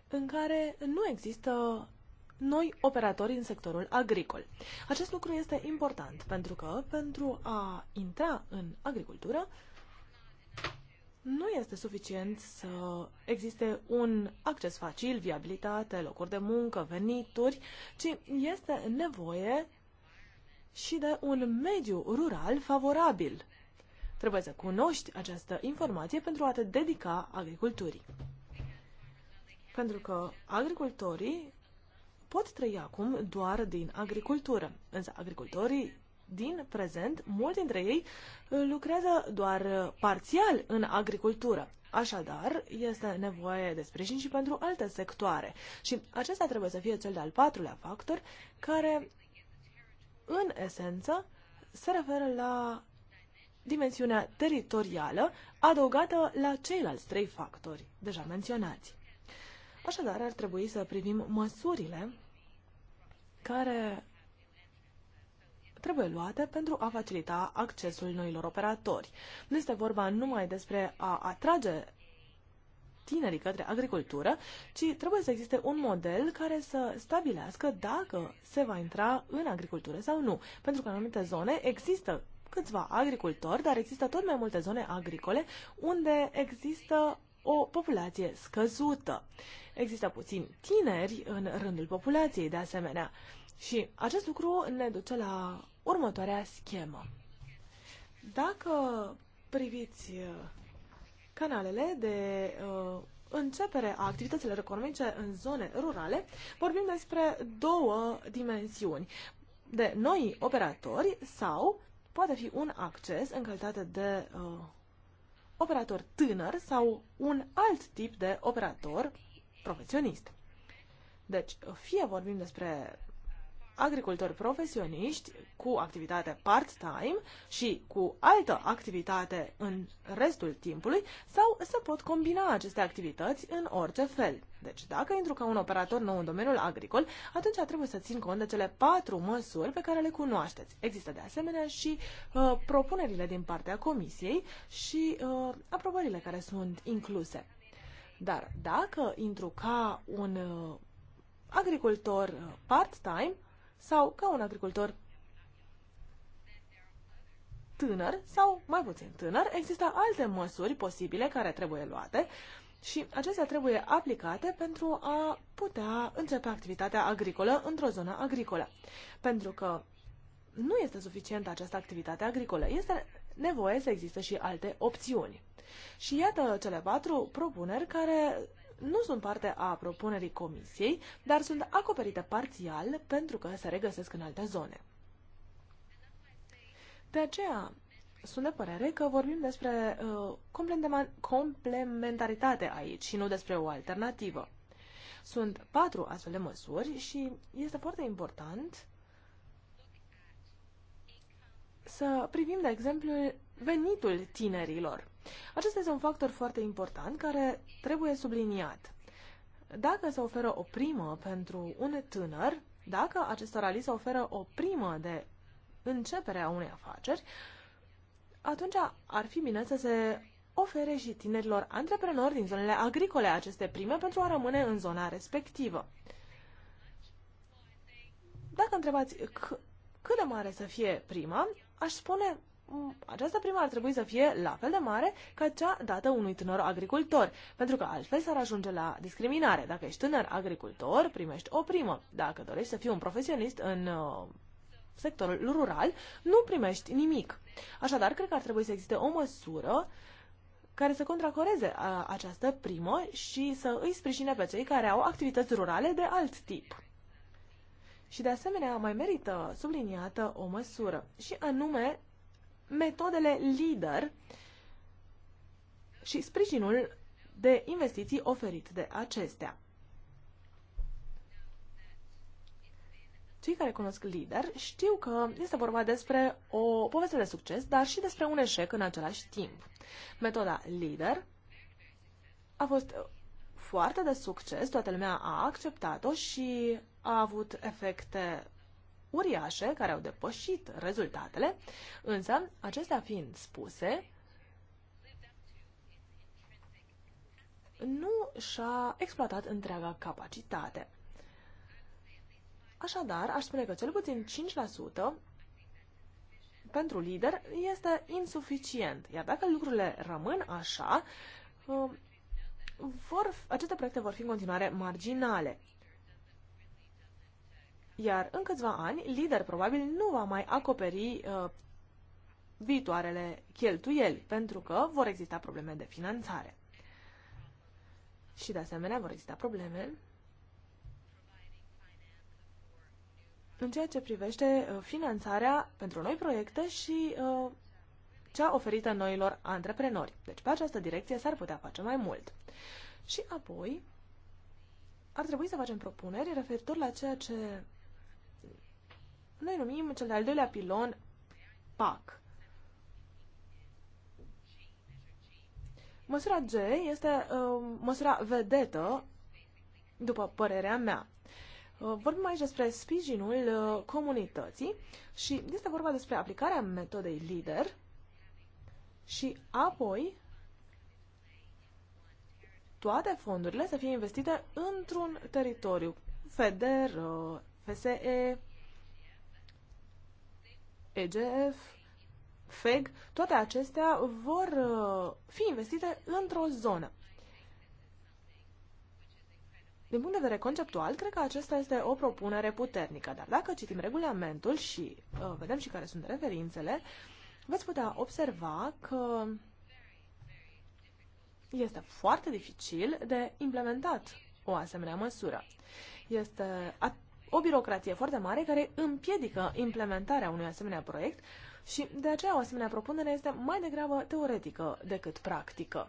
în care nu există noi operatori în sectorul agricol. Acest lucru este important pentru că pentru a intra în agricultură, nu este suficient să existe un acces facil, viabilitate, locuri de muncă, venituri, ci este nevoie și de un mediu rural favorabil. Trebuie să cunoști această informație pentru a te dedica agriculturii. Pentru că agricultorii pot trăi acum doar din agricultură, însă agricultorii din prezent, mulți dintre ei uh, lucrează doar uh, parțial în agricultură. Așadar, este nevoie de sprijin și pentru alte sectoare. Și acesta trebuie să fie cel de-al patrulea factor, care, în esență, se referă la dimensiunea teritorială, adăugată la ceilalți trei factori deja menționați. Așadar, ar trebui să privim măsurile care trebuie luate pentru a facilita accesul noilor operatori. Nu este vorba numai despre a atrage tinerii către agricultură, ci trebuie să existe un model care să stabilească dacă se va intra în agricultură sau nu. Pentru că în anumite zone există câțiva agricultori, dar există tot mai multe zone agricole unde există o populație scăzută. Există puțin tineri în rândul populației, de asemenea. Și acest lucru ne duce la următoarea schemă. Dacă priviți uh, canalele de uh, începere a activităților economice în zone rurale, vorbim despre două dimensiuni. De noi operatori sau poate fi un acces în calitate de uh, operator tânăr sau un alt tip de operator profesionist. Deci, fie vorbim despre agricultori profesioniști cu activitate part-time și cu altă activitate în restul timpului sau se pot combina aceste activități în orice fel. Deci dacă intru ca un operator nou în domeniul agricol, atunci trebuie să țin cont de cele patru măsuri pe care le cunoașteți. Există de asemenea și uh, propunerile din partea comisiei și uh, aprobările care sunt incluse. Dar dacă intru ca un uh, agricultor uh, part-time, sau ca un agricultor tânăr sau mai puțin tânăr, există alte măsuri posibile care trebuie luate și acestea trebuie aplicate pentru a putea începe activitatea agricolă într-o zonă agricolă. Pentru că nu este suficientă această activitate agricolă, este nevoie să existe și alte opțiuni. Și iată cele patru propuneri care nu sunt parte a propunerii comisiei, dar sunt acoperite parțial pentru că se regăsesc în alte zone. De aceea, sunt de părere că vorbim despre uh, complementaritate aici și nu despre o alternativă. Sunt patru astfel de măsuri și este foarte important să privim, de exemplu, venitul tinerilor. Acesta este un factor foarte important care trebuie subliniat. Dacă se oferă o primă pentru un tânăr, dacă acestora li se oferă o primă de începere a unei afaceri, atunci ar fi bine să se ofere și tinerilor antreprenori din zonele agricole aceste prime pentru a rămâne în zona respectivă. Dacă întrebați cât de mare să fie prima, aș spune această primă ar trebui să fie la fel de mare ca cea dată unui tânăr agricultor, pentru că altfel s-ar ajunge la discriminare. Dacă ești tânăr agricultor, primești o primă. Dacă dorești să fii un profesionist în uh, sectorul rural, nu primești nimic. Așadar, cred că ar trebui să existe o măsură care să contracoreze uh, această primă și să îi sprijine pe cei care au activități rurale de alt tip. Și de asemenea mai merită subliniată o măsură, și anume metodele lider și sprijinul de investiții oferit de acestea. Cei care cunosc lider știu că este vorba despre o poveste de succes, dar și despre un eșec în același timp. Metoda lider a fost foarte de succes, toată lumea a acceptat-o și a avut efecte uriașe care au depășit rezultatele, însă, acestea fiind spuse, nu și-a exploatat întreaga capacitate. Așadar, aș spune că cel puțin 5% pentru lider este insuficient. Iar dacă lucrurile rămân așa, ă, vor, aceste proiecte vor fi în continuare marginale. Iar în câțiva ani, lider probabil nu va mai acoperi uh, viitoarele cheltuieli, pentru că vor exista probleme de finanțare. Și de asemenea vor exista probleme în ceea ce privește uh, finanțarea pentru noi proiecte și uh, cea oferită noilor antreprenori. Deci pe această direcție s-ar putea face mai mult. Și apoi ar trebui să facem propuneri referitor la ceea ce noi numim cel de-al doilea pilon PAC. Măsura G este uh, măsura vedetă, după părerea mea. Uh, vorbim aici despre sprijinul uh, comunității și este vorba despre aplicarea metodei LIDER și apoi toate fondurile să fie investite într-un teritoriu, FEDER, uh, FSE, EGF, FEG, toate acestea vor uh, fi investite într-o zonă. Din punct de vedere conceptual, cred că acesta este o propunere puternică, dar dacă citim regulamentul și uh, vedem și care sunt referințele, veți putea observa că este foarte dificil de implementat o asemenea măsură. Este o birocratie foarte mare care împiedică implementarea unui asemenea proiect și de aceea o asemenea propunere este mai degrabă teoretică decât practică.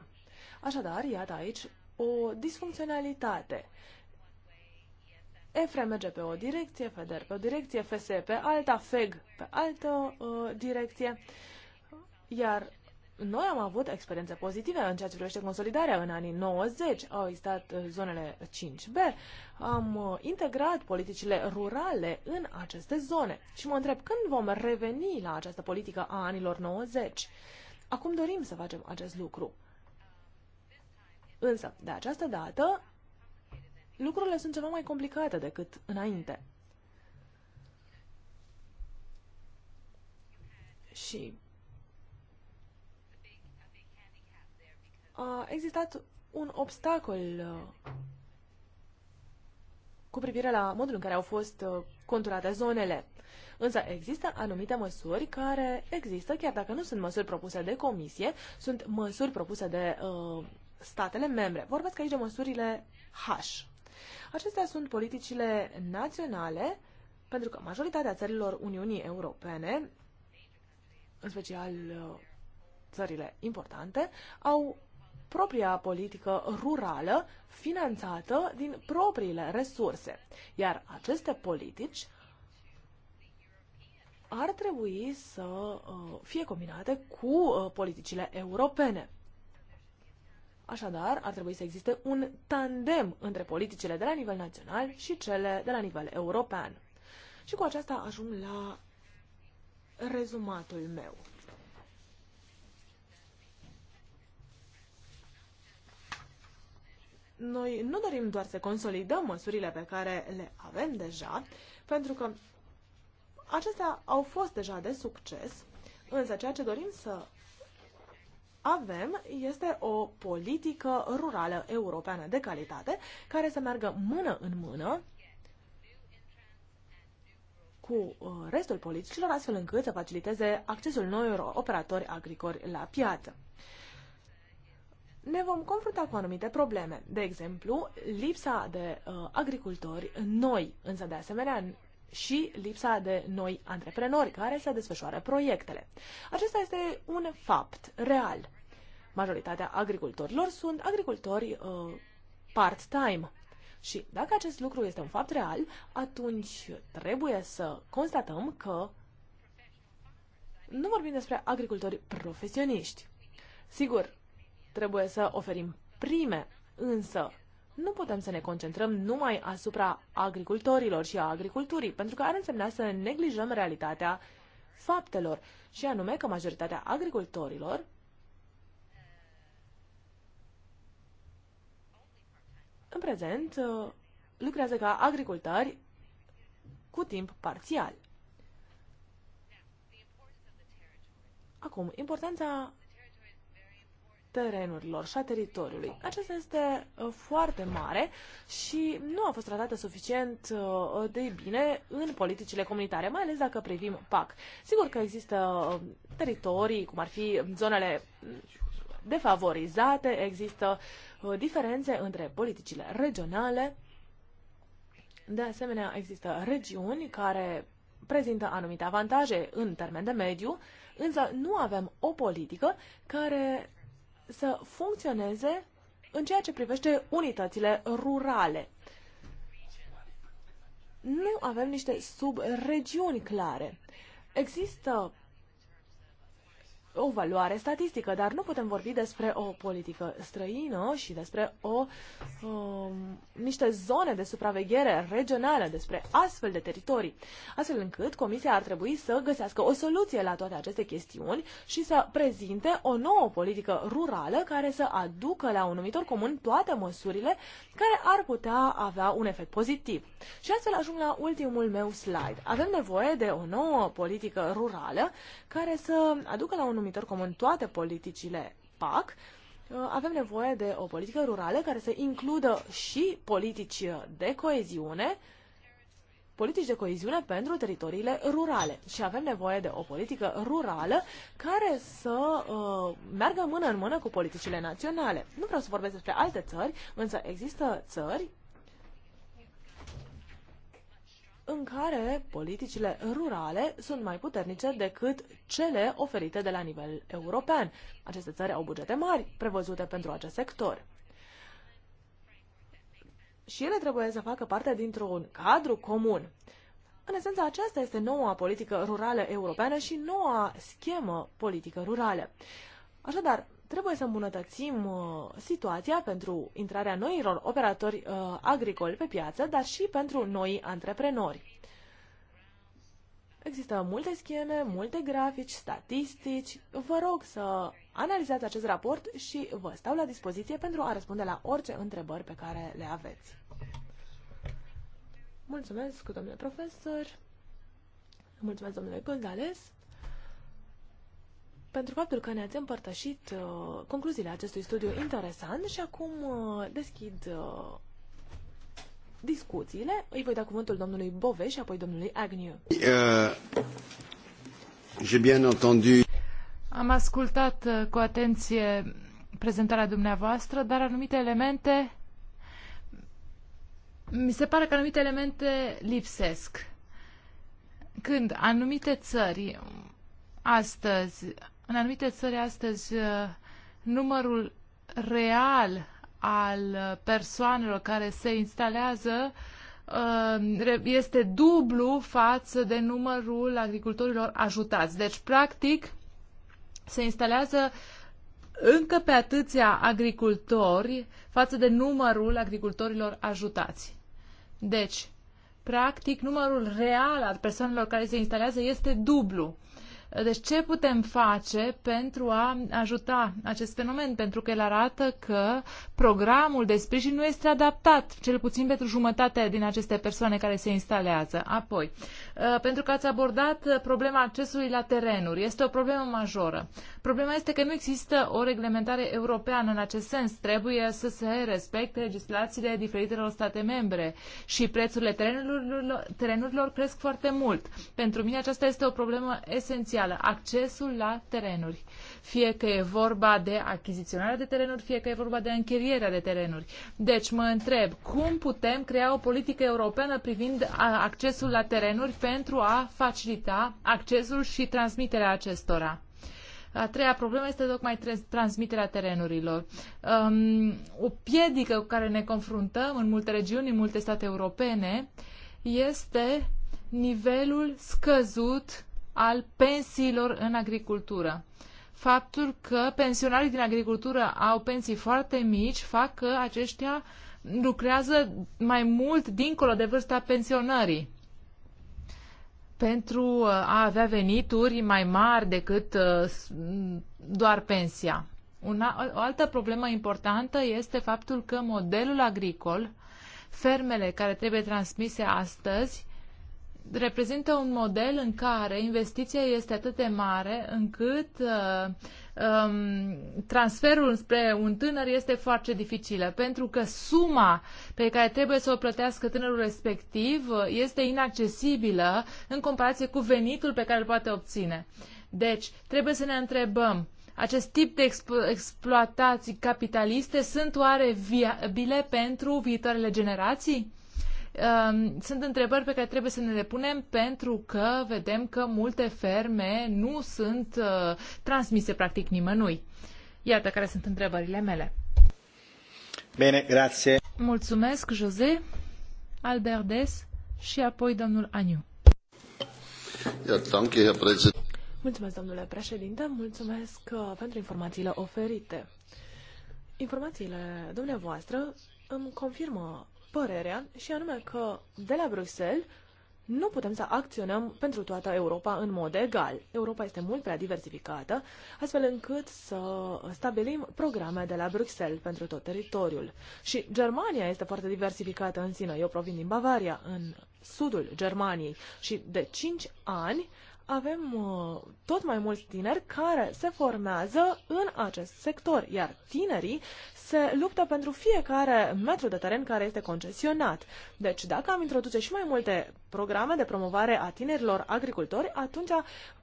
Așadar, iată aici o disfuncționalitate. EFRE merge pe o direcție, FEDER pe o direcție, FSE pe alta, FEG pe altă uh, direcție, iar noi am avut experiențe pozitive în ceea ce privește consolidarea în anii 90. Au existat uh, zonele 5B. Am uh, integrat politicile rurale în aceste zone. Și mă întreb când vom reveni la această politică a anilor 90. Acum dorim să facem acest lucru. Însă, de această dată, lucrurile sunt ceva mai complicate decât înainte. Și a existat un obstacol uh, cu privire la modul în care au fost uh, conturate zonele. Însă există anumite măsuri care există, chiar dacă nu sunt măsuri propuse de comisie, sunt măsuri propuse de uh, statele membre. Vorbesc aici de măsurile H. Acestea sunt politicile naționale, pentru că majoritatea țărilor Uniunii Europene, în special uh, țările importante, au propria politică rurală finanțată din propriile resurse. Iar aceste politici ar trebui să uh, fie combinate cu uh, politicile europene. Așadar, ar trebui să existe un tandem între politicile de la nivel național și cele de la nivel european. Și cu aceasta ajung la rezumatul meu. noi nu dorim doar să consolidăm măsurile pe care le avem deja, pentru că acestea au fost deja de succes, însă ceea ce dorim să avem este o politică rurală europeană de calitate care să meargă mână în mână cu uh, restul politicilor, astfel încât să faciliteze accesul noilor operatori agricoli la piață ne vom confrunta cu anumite probleme. De exemplu, lipsa de uh, agricultori noi, însă de asemenea și lipsa de noi antreprenori care să desfășoare proiectele. Acesta este un fapt real. Majoritatea agricultorilor sunt agricultori uh, part-time. Și dacă acest lucru este un fapt real, atunci trebuie să constatăm că nu vorbim despre agricultori profesioniști. Sigur, Trebuie să oferim prime, însă nu putem să ne concentrăm numai asupra agricultorilor și a agriculturii, pentru că ar însemna să neglijăm realitatea faptelor, și anume că majoritatea agricultorilor în prezent uh, lucrează ca agricultori cu timp parțial. Acum, importanța terenurilor și a teritoriului. Aceasta este uh, foarte mare și nu a fost tratată suficient uh, de bine în politicile comunitare, mai ales dacă privim PAC. Sigur că există uh, teritorii, cum ar fi zonele mm, defavorizate, există diferențe între politicile regionale. De asemenea, există regiuni care prezintă anumite avantaje în termen de mediu, însă nu avem o politică care să funcționeze în ceea ce privește unitățile rurale. Nu avem niște subregiuni clare. Există o valoare statistică, dar nu putem vorbi despre o politică străină și despre o, um, niște zone de supraveghere regională, despre astfel de teritorii, astfel încât Comisia ar trebui să găsească o soluție la toate aceste chestiuni și să prezinte o nouă politică rurală care să aducă la un numitor comun toate măsurile care ar putea avea un efect pozitiv. Și astfel ajung la ultimul meu slide. Avem nevoie de o nouă politică rurală care să aducă la un cum în toate politicile PAC, uh, avem nevoie de o politică rurală care să includă și politici de coeziune, politici de coeziune pentru teritoriile rurale. Și avem nevoie de o politică rurală care să uh, meargă mână în mână cu politicile naționale. Nu vreau să vorbesc despre alte țări, însă există țări în care politicile rurale sunt mai puternice decât cele oferite de la nivel european. Aceste țări au bugete mari prevăzute pentru acest sector. Și ele trebuie să facă parte dintr-un cadru comun. În esență, aceasta este noua politică rurală europeană și noua schemă politică rurală. Așadar, Trebuie să îmbunătățim uh, situația pentru intrarea noilor operatori uh, agricoli pe piață, dar și pentru noi antreprenori. Există multe scheme, multe grafici, statistici. Vă rog să analizați acest raport și vă stau la dispoziție pentru a răspunde la orice întrebări pe care le aveți. Mulțumesc, domnule profesor. Mulțumesc, domnule Găldales pentru faptul că ne-ați împărtășit uh, concluziile acestui studiu interesant și acum uh, deschid uh, discuțiile. Îi voi da cuvântul domnului Bove și apoi domnului Agnew. Uh, bien entendu... Am ascultat uh, cu atenție prezentarea dumneavoastră, dar anumite elemente mi se pare că anumite elemente lipsesc. Când anumite țări astăzi în anumite țări astăzi uh, numărul real al uh, persoanelor care se instalează uh, este dublu față de numărul agricultorilor ajutați. Deci, practic, se instalează încă pe atâția agricultori față de numărul agricultorilor ajutați. Deci, practic, numărul real al persoanelor care se instalează este dublu. Deci ce putem face pentru a ajuta acest fenomen? Pentru că el arată că programul de sprijin nu este adaptat, cel puțin pentru jumătate din aceste persoane care se instalează. Apoi, Uh, pentru că ați abordat uh, problema accesului la terenuri. Este o problemă majoră. Problema este că nu există o reglementare europeană în acest sens. Trebuie să se respecte legislațiile diferitelor state membre și prețurile terenurilor, terenurilor cresc foarte mult. Pentru mine aceasta este o problemă esențială, accesul la terenuri fie că e vorba de achiziționarea de terenuri, fie că e vorba de închirierea de terenuri. Deci mă întreb, cum putem crea o politică europeană privind uh, accesul la terenuri pentru a facilita accesul și transmiterea acestora. A treia problemă este tocmai transmiterea terenurilor. Um, o piedică cu care ne confruntăm în multe regiuni, în multe state europene, este nivelul scăzut al pensiilor în agricultură. Faptul că pensionarii din agricultură au pensii foarte mici fac că aceștia lucrează mai mult dincolo de vârsta pensionării pentru uh, a avea venituri mai mari decât uh, doar pensia. Una, o altă problemă importantă este faptul că modelul agricol, fermele care trebuie transmise astăzi, reprezintă un model în care investiția este atât de mare încât uh, um, transferul spre un tânăr este foarte dificilă, pentru că suma pe care trebuie să o plătească tânărul respectiv uh, este inaccesibilă în comparație cu venitul pe care îl poate obține. Deci, trebuie să ne întrebăm, acest tip de explo- exploatații capitaliste sunt oare viabile pentru viitoarele generații? sunt întrebări pe care trebuie să ne le punem pentru că vedem că multe ferme nu sunt uh, transmise practic nimănui. Iată care sunt întrebările mele. Bine, grație. Mulțumesc, José, Albert Des și apoi domnul Aniu. Mulțumesc, domnule președinte, mulțumesc uh, pentru informațiile oferite. Informațiile dumneavoastră îmi confirmă părerea și anume că de la Bruxelles nu putem să acționăm pentru toată Europa în mod egal. Europa este mult prea diversificată, astfel încât să stabilim programe de la Bruxelles pentru tot teritoriul. Și Germania este foarte diversificată în sine. Eu provin din Bavaria, în sudul Germaniei și de 5 ani avem uh, tot mai mulți tineri care se formează în acest sector, iar tinerii se luptă pentru fiecare metru de teren care este concesionat. Deci dacă am introduce și mai multe programe de promovare a tinerilor agricultori, atunci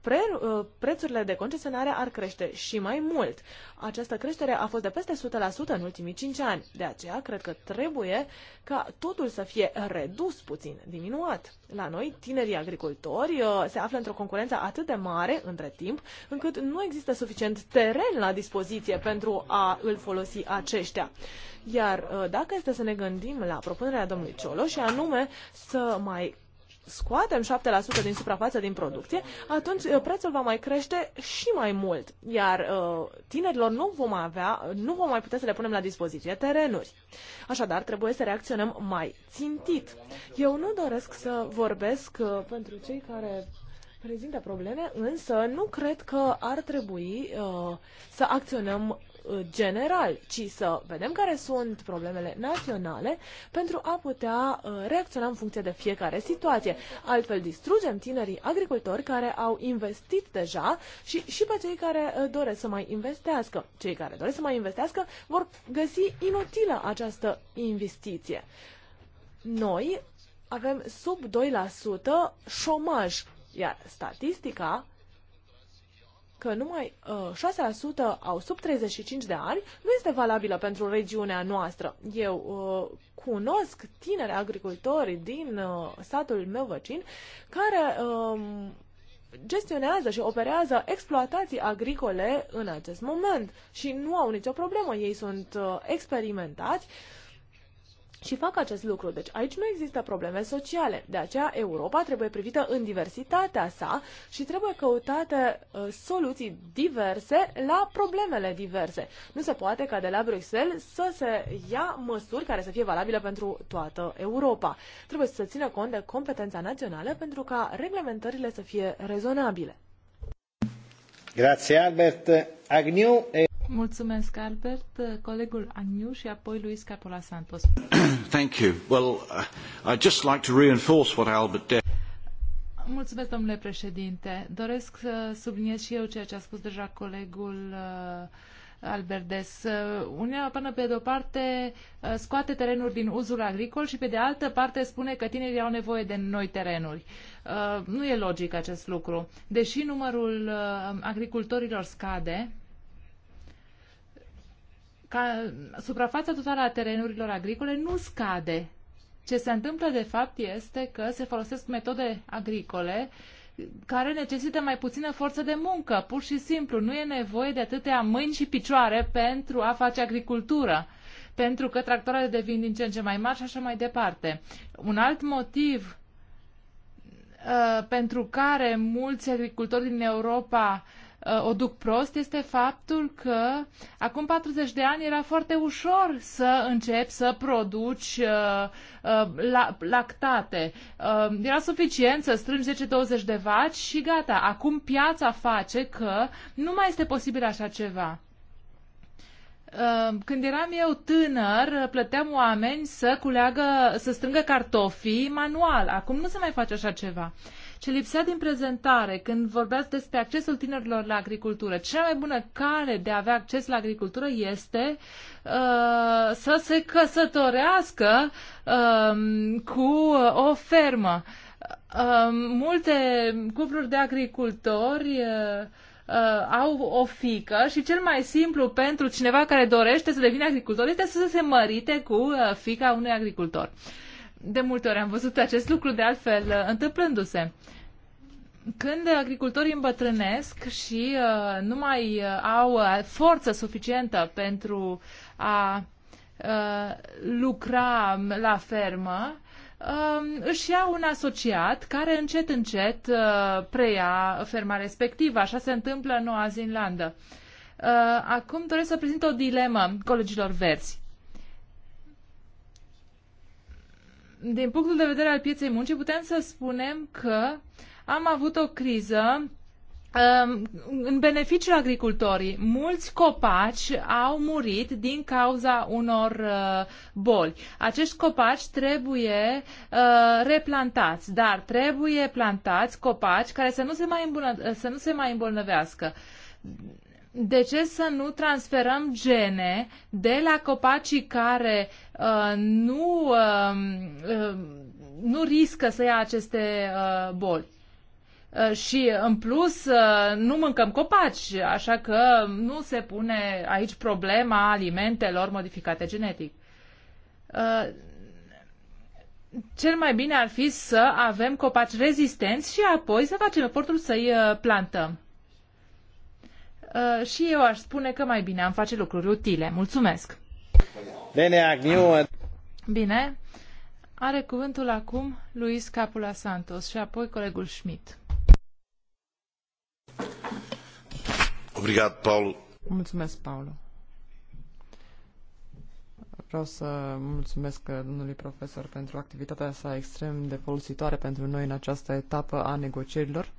pre, uh, prețurile de concesionare ar crește și mai mult. Această creștere a fost de peste 100% în ultimii 5 ani. De aceea, cred că trebuie ca totul să fie redus puțin, diminuat la noi, tinerii agricultori uh, se află într-o concurență atât de mare între timp, încât nu există suficient teren la dispoziție pentru a îl folosi aceștia. Iar uh, dacă este să ne gândim la propunerea domnului Ciolo și anume să mai scoatem 7% din suprafață din producție, atunci uh, prețul va mai crește și mai mult, iar uh, tinerilor nu vom avea, nu vom mai putea să le punem la dispoziție terenuri. Așadar, trebuie să reacționăm mai țintit. Eu nu doresc să vorbesc uh, pentru cei care prezintă probleme, însă nu cred că ar trebui uh, să acționăm Uh, general, ci să vedem care sunt problemele naționale pentru a putea uh, reacționa în funcție de fiecare situație. Altfel distrugem tinerii agricultori care au investit deja și, și pe cei care uh, doresc să mai investească. Cei care doresc să mai investească vor găsi inutilă această investiție. Noi avem sub 2% șomaj, iar statistica că numai uh, 6% au sub 35 de ani nu este valabilă pentru regiunea noastră. Eu uh, cunosc tineri agricultori din uh, satul meu vecin care uh, gestionează și operează exploatații agricole în acest moment și nu au nicio problemă. Ei sunt uh, experimentați uh, și fac acest lucru. Deci aici nu există probleme sociale. De aceea Europa trebuie privită în diversitatea sa și trebuie căutate uh, soluții diverse la problemele diverse. Nu se poate ca de la Bruxelles să se ia măsuri care să fie valabile pentru toată Europa. Trebuie să se țină cont de competența națională pentru ca reglementările să fie rezonabile. Grazie Albert Agnew. Mulțumesc, Albert. Colegul Agniu și apoi Luis Capola Santos. (clears throat) Thank you. Well, uh, I'd just like to reinforce what Albert did. Mulțumesc, domnule președinte. Doresc să subliniez și eu ceea ce a spus deja colegul uh, Albertes. Uh, Uniunea până pe de o parte, scoate terenuri din uzul agricol și, pe de altă parte, spune că tinerii au nevoie de noi terenuri. Nu e logic acest lucru. Deși numărul agricultorilor scade, ca suprafața totală a terenurilor agricole nu scade. Ce se întâmplă, de fapt, este că se folosesc metode agricole care necesită mai puțină forță de muncă. Pur și simplu, nu e nevoie de atâtea mâini și picioare pentru a face agricultură pentru că tractoarele devin din ce în ce mai mari și așa mai departe. Un alt motiv uh, pentru care mulți agricultori din Europa uh, o duc prost este faptul că acum 40 de ani era foarte ușor să începi să produci uh, uh, lactate. Uh, era suficient să strângi 10-20 de vaci și gata. Acum piața face că nu mai este posibil așa ceva când eram eu tânăr, plăteam oameni să culeagă, să strângă cartofii manual. Acum nu se mai face așa ceva ce lipsea din prezentare când vorbeați despre accesul tinerilor la agricultură. Cea mai bună cale de a avea acces la agricultură este uh, să se căsătorească uh, cu o fermă. Uh, multe cupluri de agricultori uh, uh, au o fică și cel mai simplu pentru cineva care dorește să devină agricultor este să se mărite cu uh, fica unui agricultor. De multe ori am văzut acest lucru, de altfel, uh, întâmplându-se. Când agricultorii îmbătrânesc și uh, nu mai uh, au uh, forță suficientă pentru a uh, lucra la fermă, um, își iau un asociat care încet, încet uh, preia ferma respectivă. Așa se întâmplă în Noua Zeelandă. Acum doresc să prezint o dilemă colegilor verzi. din punctul de vedere al pieței muncii, putem să spunem că am avut o criză um, în beneficiul agricultorii. Mulți copaci au murit din cauza unor uh, boli. Acești copaci trebuie uh, replantați, dar trebuie plantați copaci care să nu se mai, îmbună, să nu se mai îmbolnăvească de ce să nu transferăm gene de la copacii care uh, nu, uh, uh, nu riscă să ia aceste uh, boli? Uh, și în plus uh, nu mâncăm copaci, așa că nu se pune aici problema alimentelor modificate genetic. Uh, cel mai bine ar fi să avem copaci rezistenți și apoi să facem efortul să-i plantăm uh, și eu aș spune că mai bine am face lucruri utile. Mulțumesc! Bine, Agniu! Bine! Are cuvântul acum Luis Capula Santos și apoi colegul Schmidt. Obrigat, Paul. Mulțumesc, Paulo. Vreau să mulțumesc domnului profesor pentru activitatea sa extrem de folositoare pentru noi în această etapă a negocierilor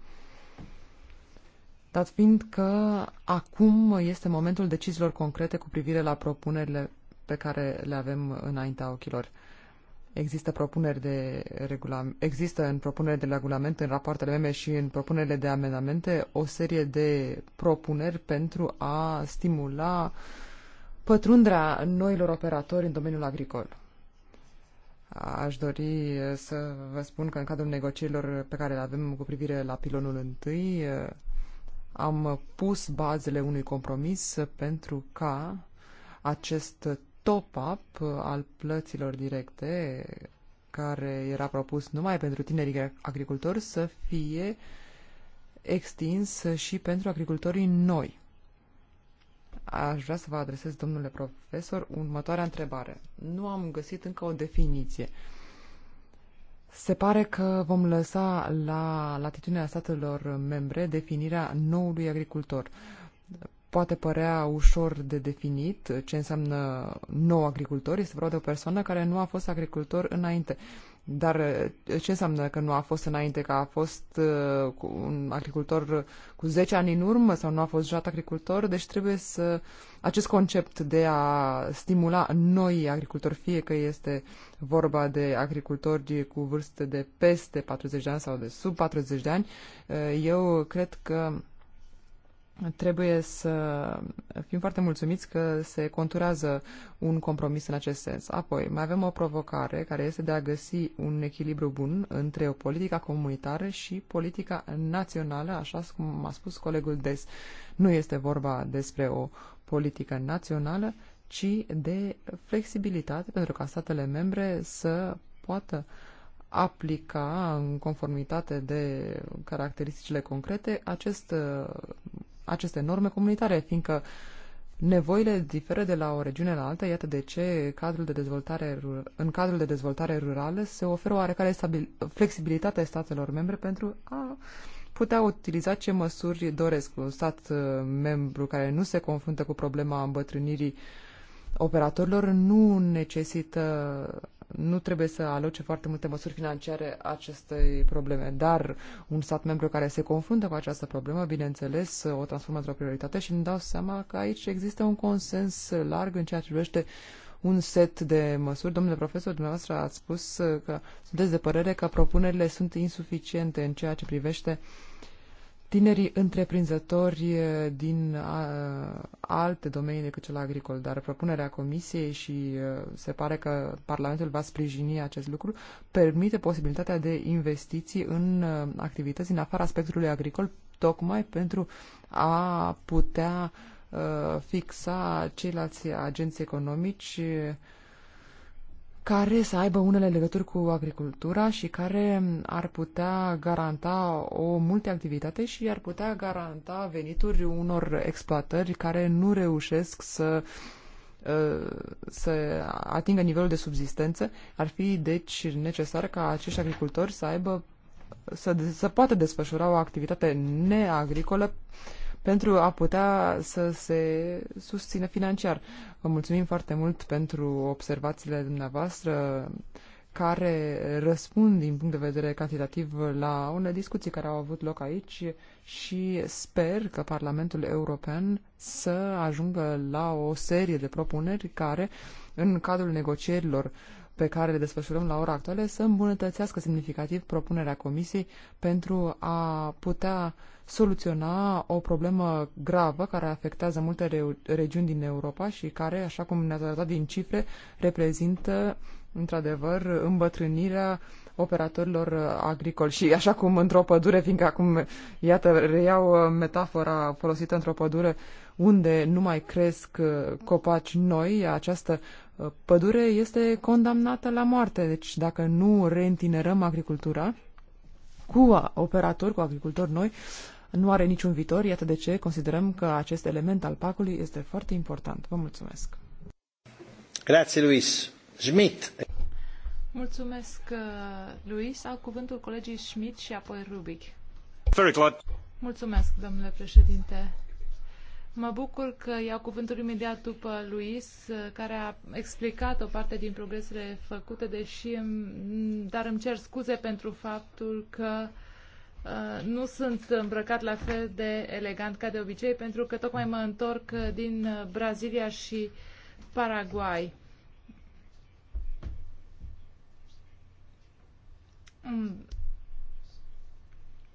dat fiind că acum este momentul deciziilor concrete cu privire la propunerile pe care le avem înaintea ochilor. Există propuneri de regulament, există în propuneri de regulament, în rapoartele mele și în propunerile de amendamente o serie de propuneri pentru a stimula pătrunderea noilor operatori în domeniul agricol. Aș dori să vă spun că în cadrul negocierilor pe care le avem cu privire la pilonul întâi, am pus bazele unui compromis pentru ca acest top-up al plăților directe care era propus numai pentru tinerii agricultori să fie extins și pentru agricultorii noi. Aș vrea să vă adresez, domnule profesor, următoarea întrebare. Nu am găsit încă o definiție. Uh, se pare că vom lăsa la latitudinea statelor membre definirea noului agricultor. Poate părea ușor de definit ce înseamnă nou agricultor. Este vorba de o persoană care nu a fost agricultor înainte. Dar eh, ce înseamnă că nu a fost înainte, că a fost uh, un agricultor cu 10 ani în urmă sau nu a fost jat agricultor? Deci trebuie să... Acest concept de a stimula noi agricultori, fie că este vorba de agricultori cu vârste de peste 40 de ani sau de sub 40 de ani, eh, eu cred că Trebuie să fim foarte mulțumiți că se conturează un compromis în acest sens. Apoi, mai avem o provocare care este de a găsi un echilibru bun între o politică comunitară și politica națională, așa cum a spus colegul Des. Nu este vorba despre o politică națională, ci de flexibilitate pentru ca statele membre să poată aplica în conformitate de caracteristicile concrete acest aceste norme comunitare, fiindcă nevoile diferă de la o regiune la alta, iată de ce cadrul de dezvoltare, în cadrul de dezvoltare rurală se oferă oarecare stabil, flexibilitate statelor membre pentru a putea utiliza ce măsuri doresc. Un stat uh, membru care nu se confruntă cu problema îmbătrânirii operatorilor nu necesită nu trebuie să aloce foarte multe măsuri financiare acestei probleme, dar un stat membru care se confruntă cu această problemă, bineînțeles, o transformă într-o prioritate și îmi dau seama că aici există un consens larg în ceea ce privește un set de măsuri. Domnule profesor, dumneavoastră ați spus că sunteți de părere că propunerile sunt insuficiente în ceea ce privește uh, tinerii întreprinzători eh, din eh, alte domenii decât cel agricol, dar propunerea Comisiei și eh, se pare că Parlamentul va sprijini acest lucru, permite posibilitatea de investiții în activități în afara spectrului agricol, tocmai pentru a putea fixa ceilalți agenți economici uh, care să aibă unele legături cu agricultura și care ar putea garanta o multiactivitate și ar putea garanta venituri unor exploatări care nu reușesc să uh, să atingă nivelul de subzistență, ar fi deci necesar ca acești agricultori să aibă să, să poată desfășura o activitate neagricolă uh, pentru a putea să se susțină financiar. Vă mulțumim foarte mult pentru observațiile dumneavoastră care răspund din punct de vedere cantitativ la unele discuții care au avut loc aici și sper că Parlamentul European să ajungă la o serie de propuneri care, în cadrul negocierilor pe care le desfășurăm la ora actuală, să îmbunătățească semnificativ propunerea Comisiei pentru a putea uh, soluționa o problemă gravă care afectează multe re- regiuni din Europa și care, așa cum ne-ați arătat din cifre, reprezintă într-adevăr îmbătrânirea operatorilor agricoli. Și așa cum într-o pădure, fiindcă acum, iată, reiau uh, metafora folosită într-o pădure, unde nu mai cresc uh, copaci noi, această uh, pădure este condamnată la moarte. Deci dacă nu reîntinerăm agricultura, cu operatori, cu agricultori noi, nu are niciun viitor, iată de ce considerăm că acest element al pacului este foarte important. Vă mulțumesc. Grazie, Luis. Schmidt. Mulțumesc, uh, Luis. Au cuvântul colegii Schmidt și apoi Rubic. Very glad. Mulțumesc, domnule președinte. Mă bucur că iau cuvântul imediat după Luis, uh, care a explicat o parte din progresele făcute, deși, dar îmi cer scuze pentru faptul că uh, Uh, nu sunt îmbrăcat la fel de elegant ca de obicei, pentru că tocmai mă întorc din uh, Brazilia și Paraguay. Mm.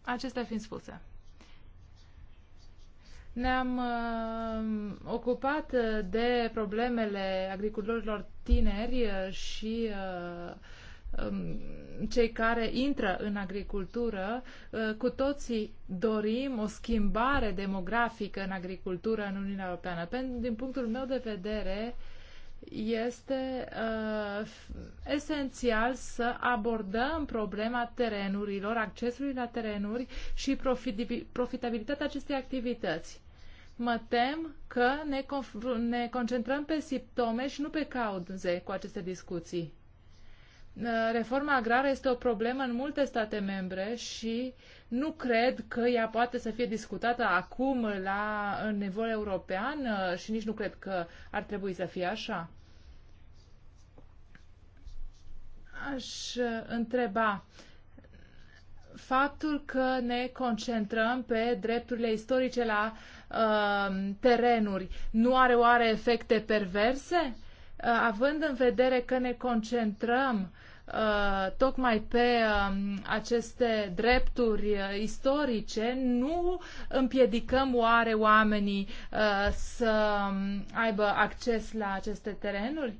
Acestea fiind spuse. Ne-am uh, ocupat uh, de problemele agricultorilor tineri și uh, Um, cei care intră în agricultură, uh, cu toții dorim o schimbare demografică în agricultură în Uniunea Europeană. Din punctul meu de vedere, este uh, esențial să abordăm problema terenurilor, accesului la terenuri și profitabilitatea acestei activități. Mă tem că ne, ne concentrăm pe simptome și nu pe cauze cu aceste discuții. Ă, reforma agrară este o problemă în multe state membre și nu cred că ea poate să fie discutată acum la nivel european ă, și nici nu cred că ar trebui să fie așa. Aș ă, întreba faptul că ne concentrăm pe drepturile istorice la uh, terenuri nu are oare efecte perverse? Uh, Uh, având în vedere că ne concentrăm uh, tocmai pe um, aceste drepturi uh, istorice, nu împiedicăm oare oamenii să um, aibă acces la aceste terenuri?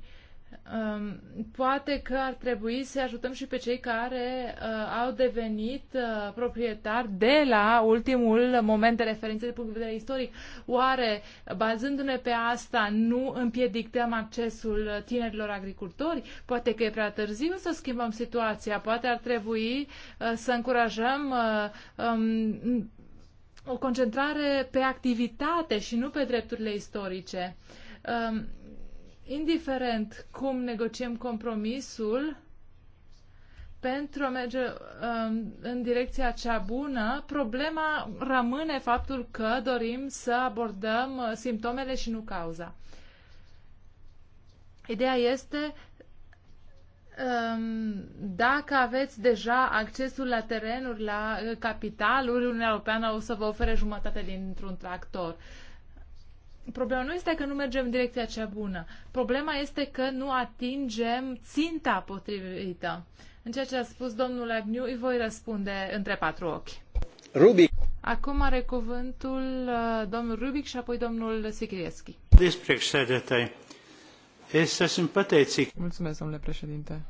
Ehm, poate că ar trebui să ajutăm și pe cei care uh, au devenit uh, proprietari de la ultimul moment de referință de punct de vedere istoric. Oare, bazându-ne pe asta, nu împiedicăm accesul tinerilor agricultori? Poate că e prea târziu să schimbăm situația. Poate ar trebui uh, să încurajăm uh, um, o concentrare pe activitate și nu pe drepturile istorice. Uh, indiferent cum negociem compromisul, pentru a merge um, în direcția cea bună, problema rămâne faptul că dorim să abordăm uh, simptomele și nu cauza. Ideea este um, dacă aveți deja accesul la terenuri, la uh, capitaluri, Uniunea Europeană o să vă ofere jumătate dintr-un tractor. Uh, Problema nu este că nu mergem în direcția cea bună. Problema este că nu atingem ținta potrivită. În ceea ce a spus domnul Agniu, îi voi răspunde între patru ochi. Rubic. Acum are cuvântul uh, domnul Rubic și apoi domnul Sikirieschi. Mulțumesc, domnule președinte.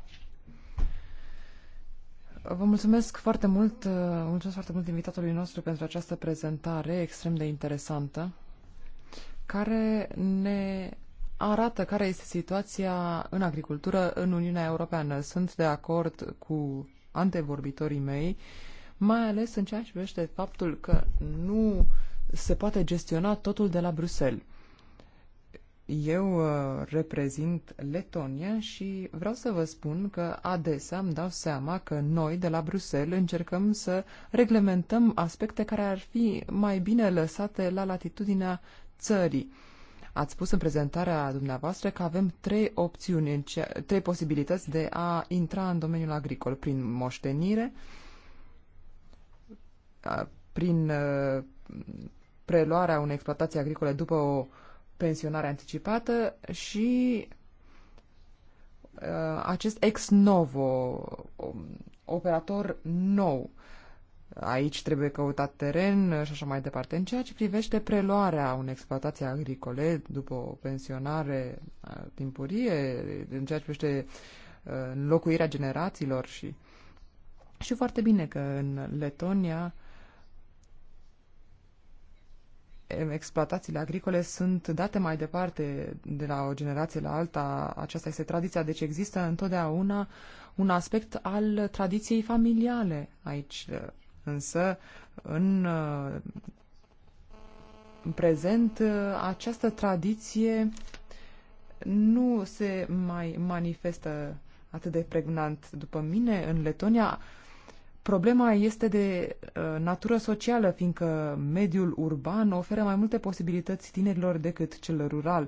Vă mulțumesc foarte mult, uh, mulțumesc foarte mult invitatului nostru pentru această prezentare extrem de interesantă care ne arată care este situația în agricultură în Uniunea Europeană. Sunt de acord cu antevorbitorii mei, mai ales în ceea ce privește faptul că nu se poate gestiona totul de la Bruxelles. Eu uh, reprezint Letonia și vreau să vă spun că adesea îmi dau seama că noi de la Bruxelles încercăm să reglementăm aspecte care ar fi mai bine lăsate la latitudinea țării. Ați spus în prezentarea dumneavoastră că avem trei opțiuni, trei posibilități de a intra în domeniul agricol prin moștenire, prin preluarea unei exploatații agricole după o pensionare anticipată și acest ex novo, um, operator nou Aici trebuie căutat teren și așa mai departe. În ceea ce privește preluarea unei exploatații agricole după o pensionare timpurie, în ceea ce privește înlocuirea generațiilor și și foarte bine că în Letonia exploatațiile agricole sunt date mai departe de la o generație la alta. Aceasta este tradiția, deci există întotdeauna un aspect al tradiției familiale aici. Însă, în, uh, în prezent, uh, această tradiție nu se mai manifestă atât de pregnant după mine în Letonia. Problema este de uh, natură socială, fiindcă mediul urban oferă mai multe posibilități tinerilor decât cel rural,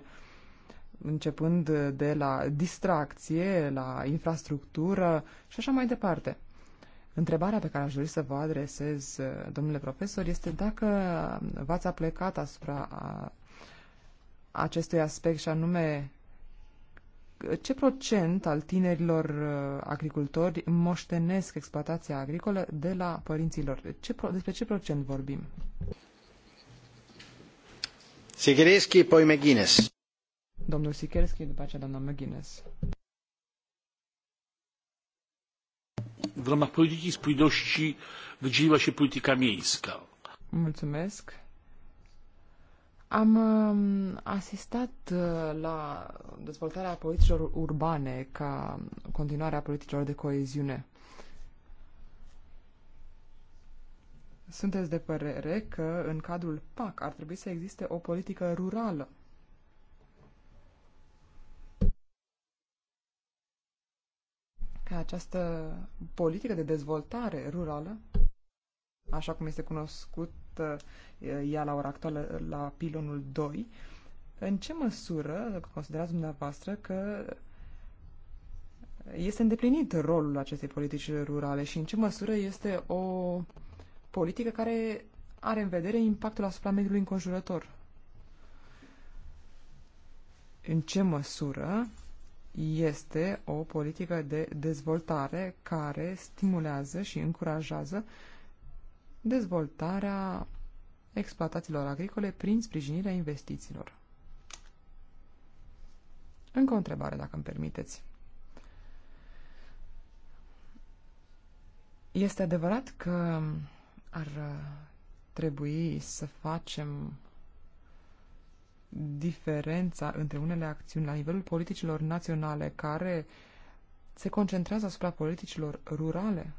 începând de la distracție, la infrastructură și așa mai departe. Întrebarea pe care aș dori să vă adresez, uh, domnule profesor, este dacă v-ați aplecat asupra acestui aspect și anume ce procent al tinerilor uh, agricultori moștenesc exploatația agricolă de la părinților? Ce pro- despre ce procent vorbim? Sikerski, poi McGuinness. Domnul Sikerski, după aceea doamna McGuinness. w ramach polityki spójności wydzieliła się polityka miejska. Mulțumesc. Am um, asistat uh, la dezvoltarea politicilor urbane ca continuarea politicilor de coeziune. Sunteți de părere că în cadrul PAC ar trebui să existe o politică rurală că această politică de dezvoltare rurală, așa cum este cunoscută uh, ea la ora actuală uh, la pilonul 2, în ce măsură considerați dumneavoastră că este îndeplinit rolul acestei politici rurale și în ce măsură este o politică care are în vedere impactul asupra mediului înconjurător? În ce măsură este o politică de dezvoltare care stimulează și încurajează dezvoltarea exploatațiilor agricole prin sprijinirea investițiilor. Încă o întrebare, dacă îmi permiteți. Este adevărat că ar trebui să facem diferența între unele acțiuni la nivelul politicilor naționale care se concentrează asupra politicilor rurale,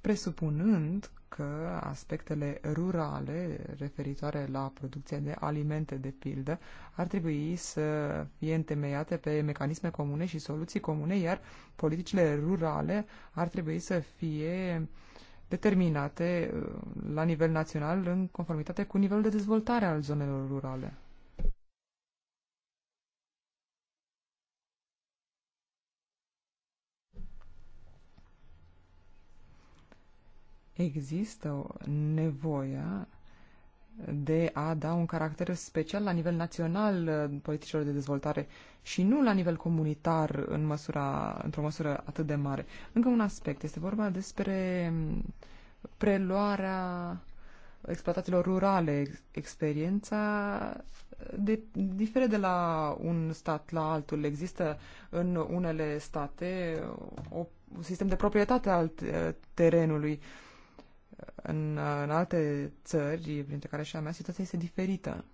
presupunând că aspectele rurale referitoare la producția de alimente, de pildă, ar trebui să fie întemeiate pe mecanisme comune și soluții comune, iar politicile rurale ar trebui să fie uh, determinate uh, la nivel național în conformitate cu nivelul de dezvoltare al zonelor rurale. Există nevoia de a da un caracter special la nivel național uh, politicilor de dezvoltare și nu la nivel comunitar în măsura, într-o măsură atât de mare. Încă un aspect, este vorba despre um, preluarea exploatațiilor rurale. Experiența uh, de, diferă de la un stat la altul. Există în unele state uh, o, un sistem de proprietate al terenului în, în alte țări, printre care și a mea, situația este diferită.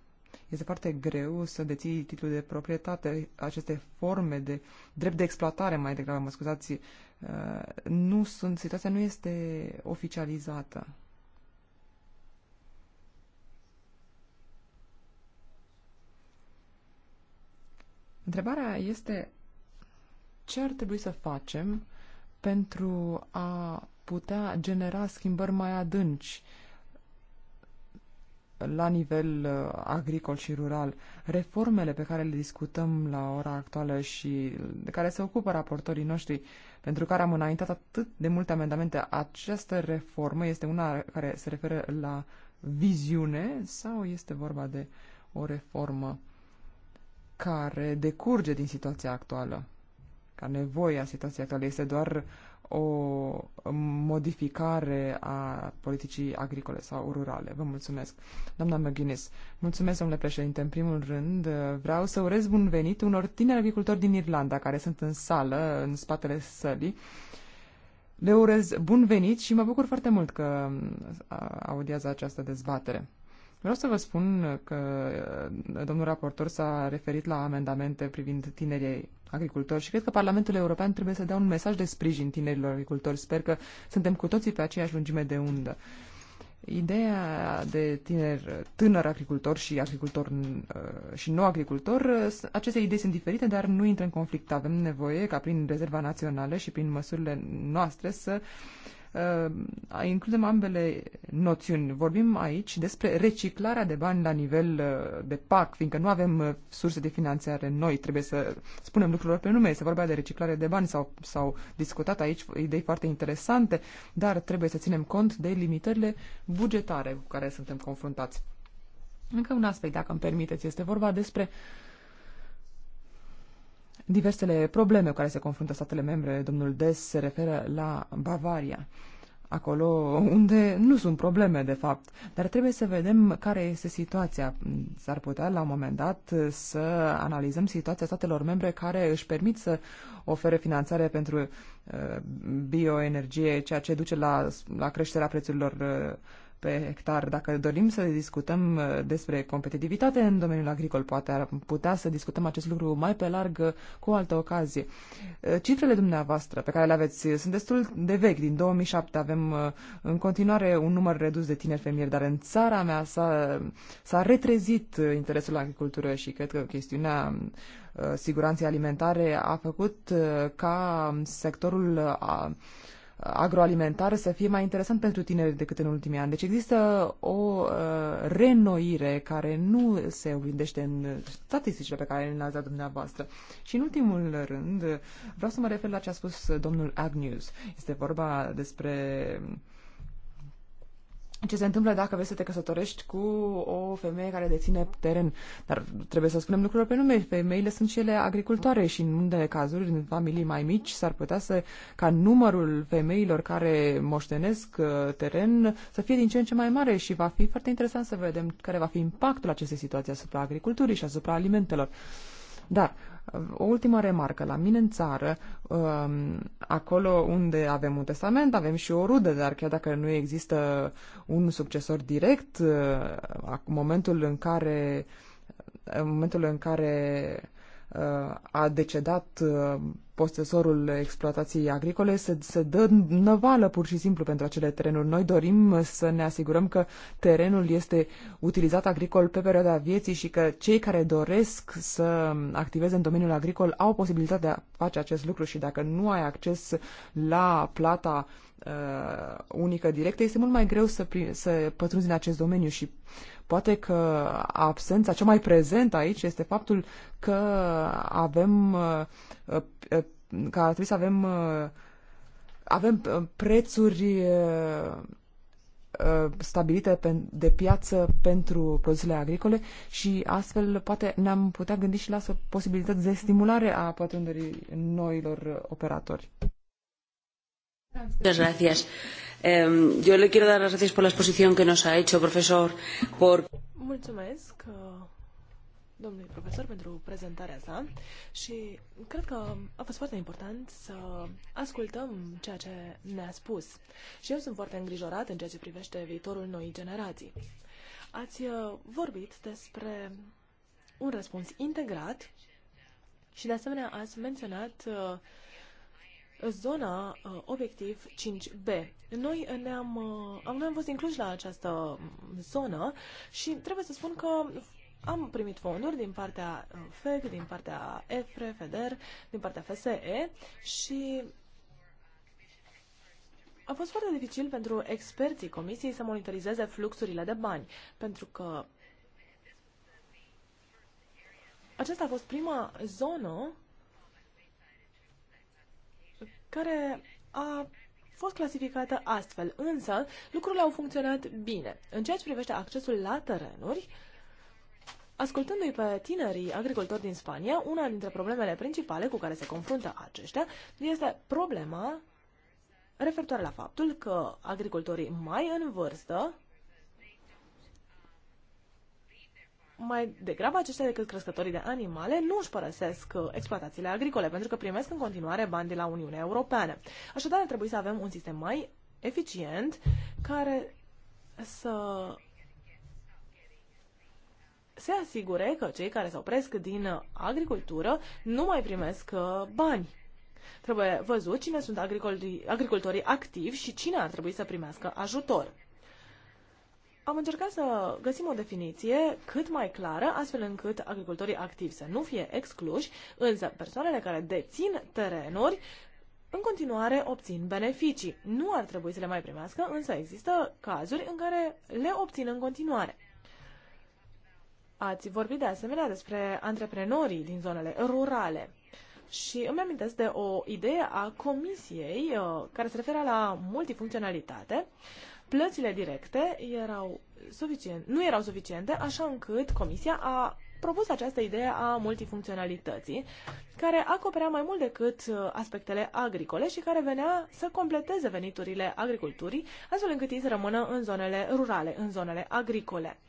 Este foarte greu să deții titlul de proprietate. Aceste forme de drept de exploatare, mai degrabă, mă scuzați, uh, nu sunt, situația nu este oficializată. Întrebarea este ce ar trebui să facem pentru a putea genera schimbări mai adânci la nivel uh, agricol și rural. Reformele pe care le discutăm la ora actuală și de care se ocupă raportorii noștri, pentru care am înaintat atât de multe amendamente, această reformă este una care se referă la viziune sau este vorba de o reformă care decurge din situația actuală? Ca nevoia situației actuale este doar o modificare a politicii agricole sau rurale. Vă mulțumesc. Doamna McGuinness, mulțumesc, domnule președinte. În primul rând, vreau să urez bun venit unor tineri agricultori din Irlanda care sunt în sală, în spatele sălii. Le urez bun venit și mă bucur foarte mult că audiază această dezbatere. Vreau să vă spun că uh, domnul raportor s-a referit la amendamente privind tinerii agricultori și cred că Parlamentul European trebuie să dea un mesaj de sprijin tinerilor agricultori. Sper că suntem cu toții pe aceeași lungime de undă. Ideea de tiner, tânăr agricultor și agricultor uh, și nou agricultor, uh, aceste idei sunt diferite, dar nu intră în conflict. Avem nevoie ca prin rezerva națională și prin măsurile noastre să uh, Uh, includem ambele noțiuni. Vorbim aici despre reciclarea de bani la nivel uh, de PAC, fiindcă nu avem uh, surse de finanțare noi, trebuie să spunem lucrurile pe nume. Se vorbea de reciclare de bani, sau au discutat aici idei foarte interesante, dar trebuie să ținem cont de limitările bugetare cu care suntem confruntați. Încă un aspect, dacă îmi permiteți, este vorba despre uh, diversele probleme cu care se confruntă statele membre. Domnul Des se referă la Bavaria acolo unde nu sunt probleme, de fapt. Dar trebuie să vedem care este situația. S-ar putea, la un moment dat, să analizăm situația statelor membre care își permit să ofere finanțare pentru uh, bioenergie, ceea ce duce la, la creșterea prețurilor uh, pe hectar. Dacă dorim să discutăm uh, despre competitivitate în domeniul agricol, poate ar putea să discutăm acest lucru mai pe larg uh, cu o altă ocazie. Uh, cifrele dumneavoastră pe care le aveți sunt destul de vechi. Din 2007 avem în continuare un număr redus de tineri fermieri, dar în țara mea s-a, s-a retrezit interesul la agricultură și cred că chestiunea siguranței alimentare a făcut ca sectorul a, agroalimentară să fie mai interesant pentru tineri decât în ultimii ani. Deci există o uh, renoire care nu se oglindește în statisticile pe care le-ați dat dumneavoastră. Și în ultimul rând, vreau să mă refer la ce a spus domnul Agnews. Este vorba despre ce se întâmplă dacă vrei să te căsătorești cu o femeie care deține teren. Dar trebuie să spunem lucrurile pe nume. Femeile sunt cele agricultoare și în unele cazuri, în familii mai mici, s-ar putea să, ca numărul femeilor care moștenesc uh, teren să fie din ce în ce mai mare și va fi foarte interesant să vedem care va fi impactul acestei situații asupra agriculturii și asupra alimentelor. Dar o ultimă remarcă. La mine în țară, um, acolo unde avem un testament, avem și o rudă, dar chiar dacă nu există un succesor direct, uh, momentul în care, momentul în care a decedat uh, posesorul exploatației agricole, se, se dă năvală pur și simplu pentru acele terenuri. Noi dorim să ne asigurăm că terenul este utilizat agricol pe perioada vieții și că cei care doresc să activeze în domeniul agricol au posibilitatea de a face acest lucru și dacă nu ai acces la plata uh, unică directă, este mult mai greu să, să pătrunzi în acest domeniu și Poate că absența cea mai prezentă aici este faptul că avem uh, uh, că ar trebui să avem uh, avem prețuri stabilite de piață pentru produsele agricole și astfel poate ne-am putea gândi și la posibilități de stimulare a pătrunderii noilor operatori. Muchas gracias. Eh, yo le quiero dar las gracias por la exposición que nos ha hecho, profesor, por... Mulțumesc, uh, domnului profesor, pentru prezentarea sa și cred că a fost foarte important să ascultăm ceea ce ne-a spus. Și eu sunt foarte îngrijorat în ceea ce privește viitorul noii generații. Ați uh, vorbit despre un răspuns integrat și de asemenea ați menționat uh, zona uh, obiectiv 5B. Noi ne-am, uh, noi am fost incluși la această mm, zonă și trebuie să spun că am primit fonduri din partea uh, FEC, din partea EFRE, FEDER, din partea FSE și a fost foarte dificil pentru experții comisiei să monitorizeze fluxurile de bani, pentru că aceasta a fost prima zonă care a fost clasificată astfel, însă lucrurile au funcționat bine. În ceea ce privește accesul la terenuri, Ascultându-i pe tinerii agricultori din Spania, una dintre problemele principale cu care se confruntă aceștia este problema referitoare la faptul că agricultorii mai în vârstă mai degrabă aceștia decât crescătorii de animale nu își părăsesc uh, exploatațiile agricole pentru că primesc în continuare bani de la Uniunea Europeană. Așadar, ar trebui să avem un sistem mai eficient care să se asigure că cei care se opresc din agricultură nu mai primesc uh, bani. Trebuie văzut cine sunt agricultorii, activi și cine ar trebui să primească ajutor am încercat să găsim o definiție cât mai clară, astfel încât agricultorii activi să nu fie excluși, însă persoanele care dețin terenuri în continuare obțin beneficii. Nu ar trebui să le mai primească, însă există cazuri în care le obțin în continuare. Ați vorbit de asemenea despre antreprenorii din zonele rurale. Și îmi amintesc de o idee a comisiei uh, care se referă la multifuncționalitate plățile directe erau suficient, nu erau suficiente, așa încât Comisia a propus această idee a multifuncționalității, care acoperea mai mult decât uh, aspectele agricole și care venea să completeze veniturile agriculturii, astfel încât ei să rămână în zonele rurale, în zonele agricole.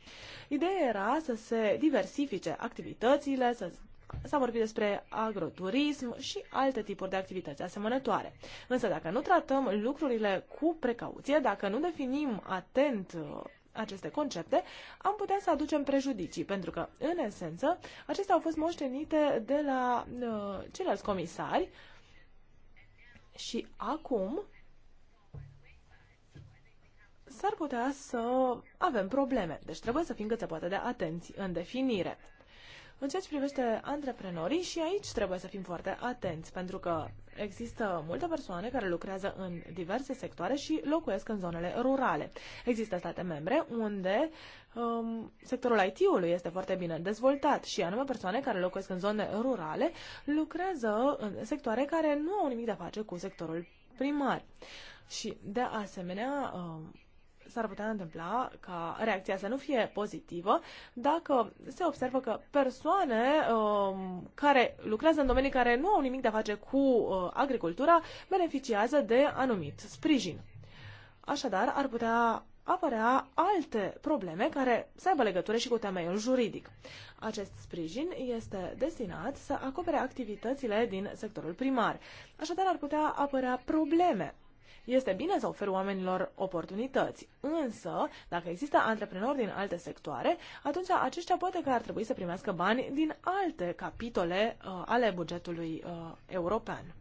Ideea era să se diversifice activitățile, să s-a vorbit despre agroturism și alte tipuri de activități asemănătoare. Însă dacă nu tratăm lucrurile cu precauție, dacă nu definim atent uh, aceste concepte, am putea să aducem prejudicii, pentru că, în esență, acestea au fost moștenite de la uh, ceilalți comisari și acum s-ar putea să avem probleme. Deci trebuie să fim cât se poate de atenți în definire. În ceea ce privește antreprenorii, și aici trebuie să fim foarte atenți, pentru că există multe persoane care lucrează în diverse sectoare și locuiesc în zonele rurale. Există state membre unde um, sectorul IT-ului este foarte bine dezvoltat și anume persoane care locuiesc în zone rurale lucrează în sectoare care nu au nimic de a face cu sectorul primar. Și de asemenea, um, s-ar putea întâmpla ca reacția să nu fie pozitivă dacă se observă că persoane um, care lucrează în domenii care nu au nimic de a face cu uh, agricultura beneficiază de anumit sprijin. Așadar, ar putea apărea alte probleme care să aibă legătură și cu temeiul juridic. Acest sprijin este destinat să acopere activitățile din sectorul primar. Așadar, ar putea apărea probleme este bine să oferi oamenilor oportunități, însă, dacă există antreprenori din alte sectoare, atunci aceștia poate că ar trebui să primească bani din alte capitole uh, ale bugetului uh, european.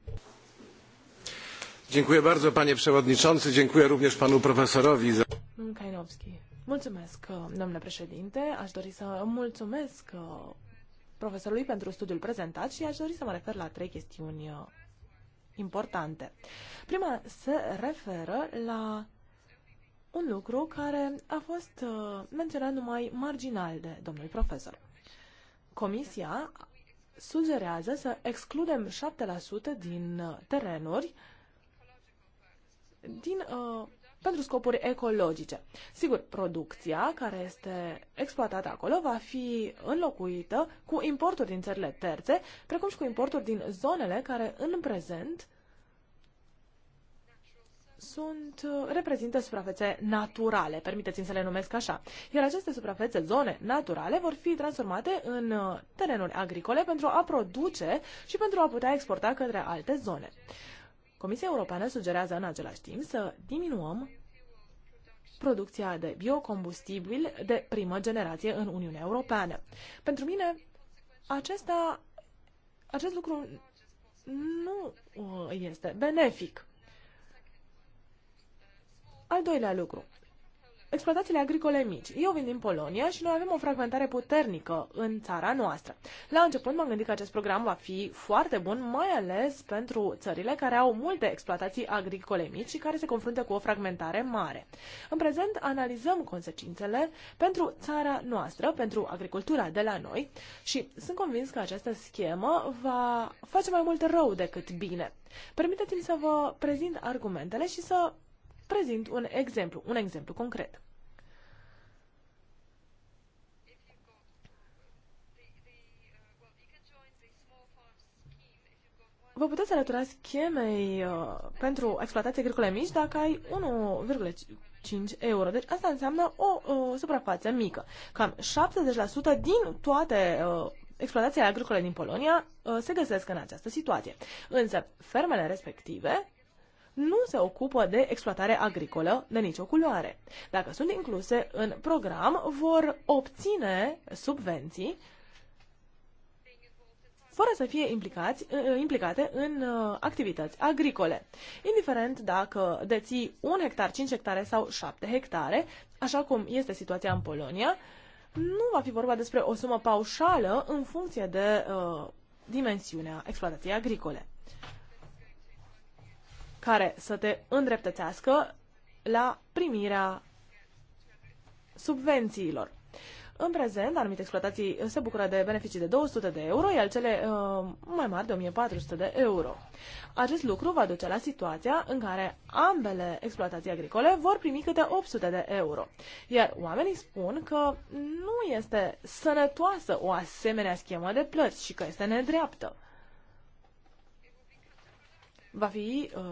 Dziękuję bardzo, panie przewodniczący. Dziękuję również panu profesorowi za... Kajnowski. Mulțumesc, uh, domnule președinte. Aș dori să mulțumesc uh, profesorului pentru studiul prezentat și aș dori să mă refer la trei chestiuni uh, importante. Prima se referă la un lucru care a fost uh, menționat numai marginal de domnul profesor. Comisia sugerează să excludem 7% din uh, terenuri din uh, pentru scopuri ecologice. Sigur, producția care este exploatată acolo va fi înlocuită cu importuri din țările terțe, precum și cu importuri din zonele care în prezent sunt, uh, reprezintă suprafețe naturale, permiteți-mi să le numesc așa. Iar aceste suprafețe, zone naturale, vor fi transformate în uh, terenuri agricole pentru a produce și pentru a putea exporta către alte zone. Comisia Europeană sugerează în același timp să diminuăm producția de biocombustibil de primă generație în Uniunea Europeană. Pentru mine, acesta, acest lucru nu uh, este benefic. Al doilea lucru, exploatațiile agricole mici. Eu vin din Polonia și noi avem o fragmentare puternică în țara noastră. La început m-am gândit că acest program va fi foarte bun, mai ales pentru țările care au multe exploatații agricole mici și care se confruntă cu o fragmentare mare. În prezent analizăm consecințele pentru țara noastră, pentru agricultura de la noi și sunt convins că această schemă va face mai mult rău decât bine. Permiteți-mi să vă prezint argumentele și să prezint un exemplu, un exemplu concret. Vă puteți alătura schemei uh, pentru exploatații agricole mici dacă ai 1,5 euro. Deci asta înseamnă o uh, suprafață mică. Cam 70% din toate uh, exploatațiile agricole din Polonia uh, se găsesc în această situație. Însă, fermele respective nu se ocupă de exploatare agricolă de nicio culoare. Dacă sunt incluse în program, vor obține subvenții fără să fie implicați, implicate în uh, activități agricole. Indiferent dacă deții un hectar, 5 hectare sau 7 hectare, așa cum este situația în Polonia, nu va fi vorba despre o sumă paușală în funcție de uh, dimensiunea exploatației agricole care să te îndreptățească la primirea subvențiilor. În prezent, anumite exploatații se bucură de beneficii de 200 de euro, iar cele uh, mai mari de 1400 de euro. Acest lucru va duce la situația în care ambele exploatații agricole vor primi câte 800 de euro. Iar oamenii spun că nu este sănătoasă o asemenea schemă de plăți și că este nedreaptă va fi uh,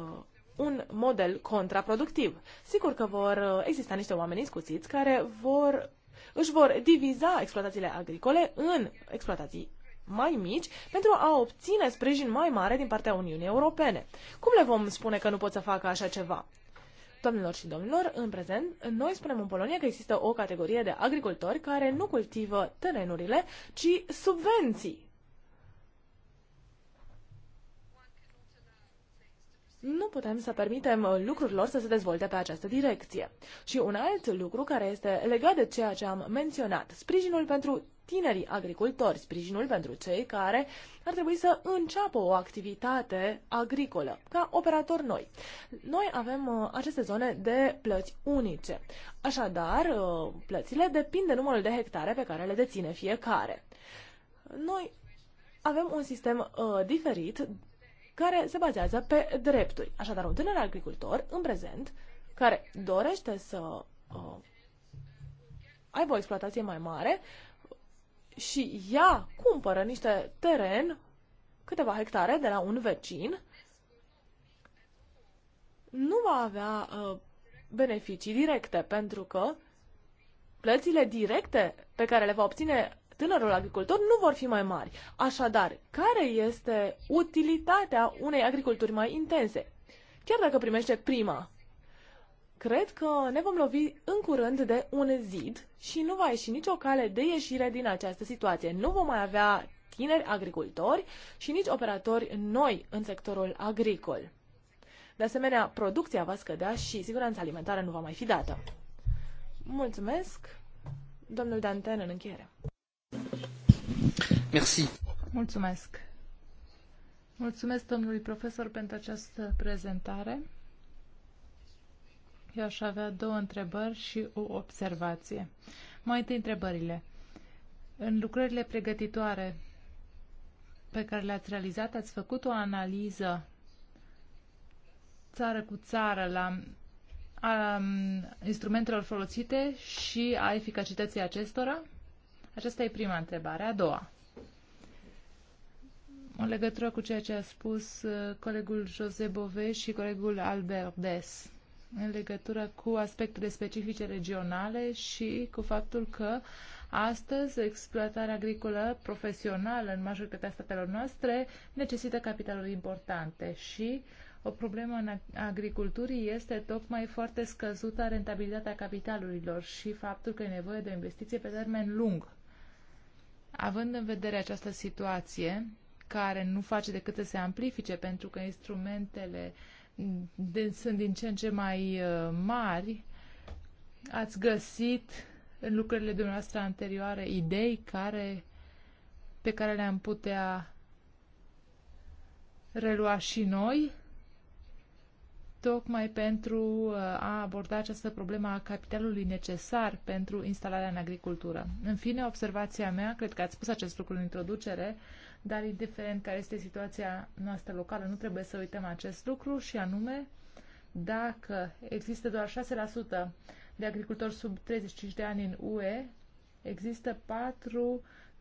un model contraproductiv. Sigur că vor uh, exista niște oameni scuțiți care vor, își vor diviza exploatațiile agricole în exploatații mai mici pentru a obține sprijin mai mare din partea Uniunii Europene. Cum le vom spune că nu pot să facă așa ceva? Domnilor și domnilor, în prezent, noi spunem în Polonia că există o categorie de agricultori care nu cultivă terenurile, ci subvenții nu putem să permitem uh, lucrurilor să se dezvolte pe această direcție. Și un alt lucru care este legat de ceea ce am menționat, sprijinul pentru tinerii agricultori, sprijinul pentru cei care ar trebui să înceapă o activitate agricolă ca operator noi. Noi avem uh, aceste zone de plăți unice. Așadar, uh, plățile depind de numărul de hectare pe care le deține fiecare. Noi avem un sistem uh, diferit care se bazează pe drepturi. Așadar, un tânăr agricultor, în prezent, care dorește să uh, aibă o exploatație mai mare și ea cumpără niște teren, câteva hectare, de la un vecin, nu va avea uh, beneficii directe, pentru că plățile directe pe care le va obține tânărul agricultor nu vor fi mai mari. Așadar, care este utilitatea unei agriculturi mai intense? Chiar dacă primește prima, cred că ne vom lovi în curând de un zid și nu va ieși nicio cale de ieșire din această situație. Nu vom mai avea tineri agricultori și nici operatori noi în sectorul agricol. De asemenea, producția va scădea și siguranța alimentară nu va mai fi dată. Mulțumesc, domnul Danten, în încheiere. Merci. Mulțumesc. Mulțumesc domnului profesor pentru această prezentare. Eu aș avea două întrebări și o observație. Mai întâi întrebările. În lucrările pregătitoare pe care le-ați realizat, ați făcut o analiză țară cu țară la a instrumentelor folosite și a eficacității acestora? Aceasta e prima întrebare. A doua în legătură cu ceea ce a spus uh, colegul José Bové și colegul Albert Des în legătură cu aspectele specifice regionale și cu faptul că astăzi exploatarea agricolă profesională în majoritatea statelor noastre necesită capitaluri importante și o problemă în agriculturii este tocmai foarte scăzută rentabilitatea capitalurilor și faptul că e nevoie de o investiție pe termen lung. Având în vedere această situație, care nu face decât să se amplifice pentru că instrumentele de, sunt din ce în ce mai uh, mari, ați găsit în lucrările dumneavoastră anterioare idei care, pe care le-am putea relua și noi, tocmai pentru uh, a aborda această problemă a capitalului necesar pentru instalarea în agricultură. În fine, observația mea, cred că ați spus acest lucru în introducere, dar indiferent care este situația noastră locală, nu trebuie să uităm acest lucru și anume dacă există doar 6% de agricultori sub 35 de ani în UE, există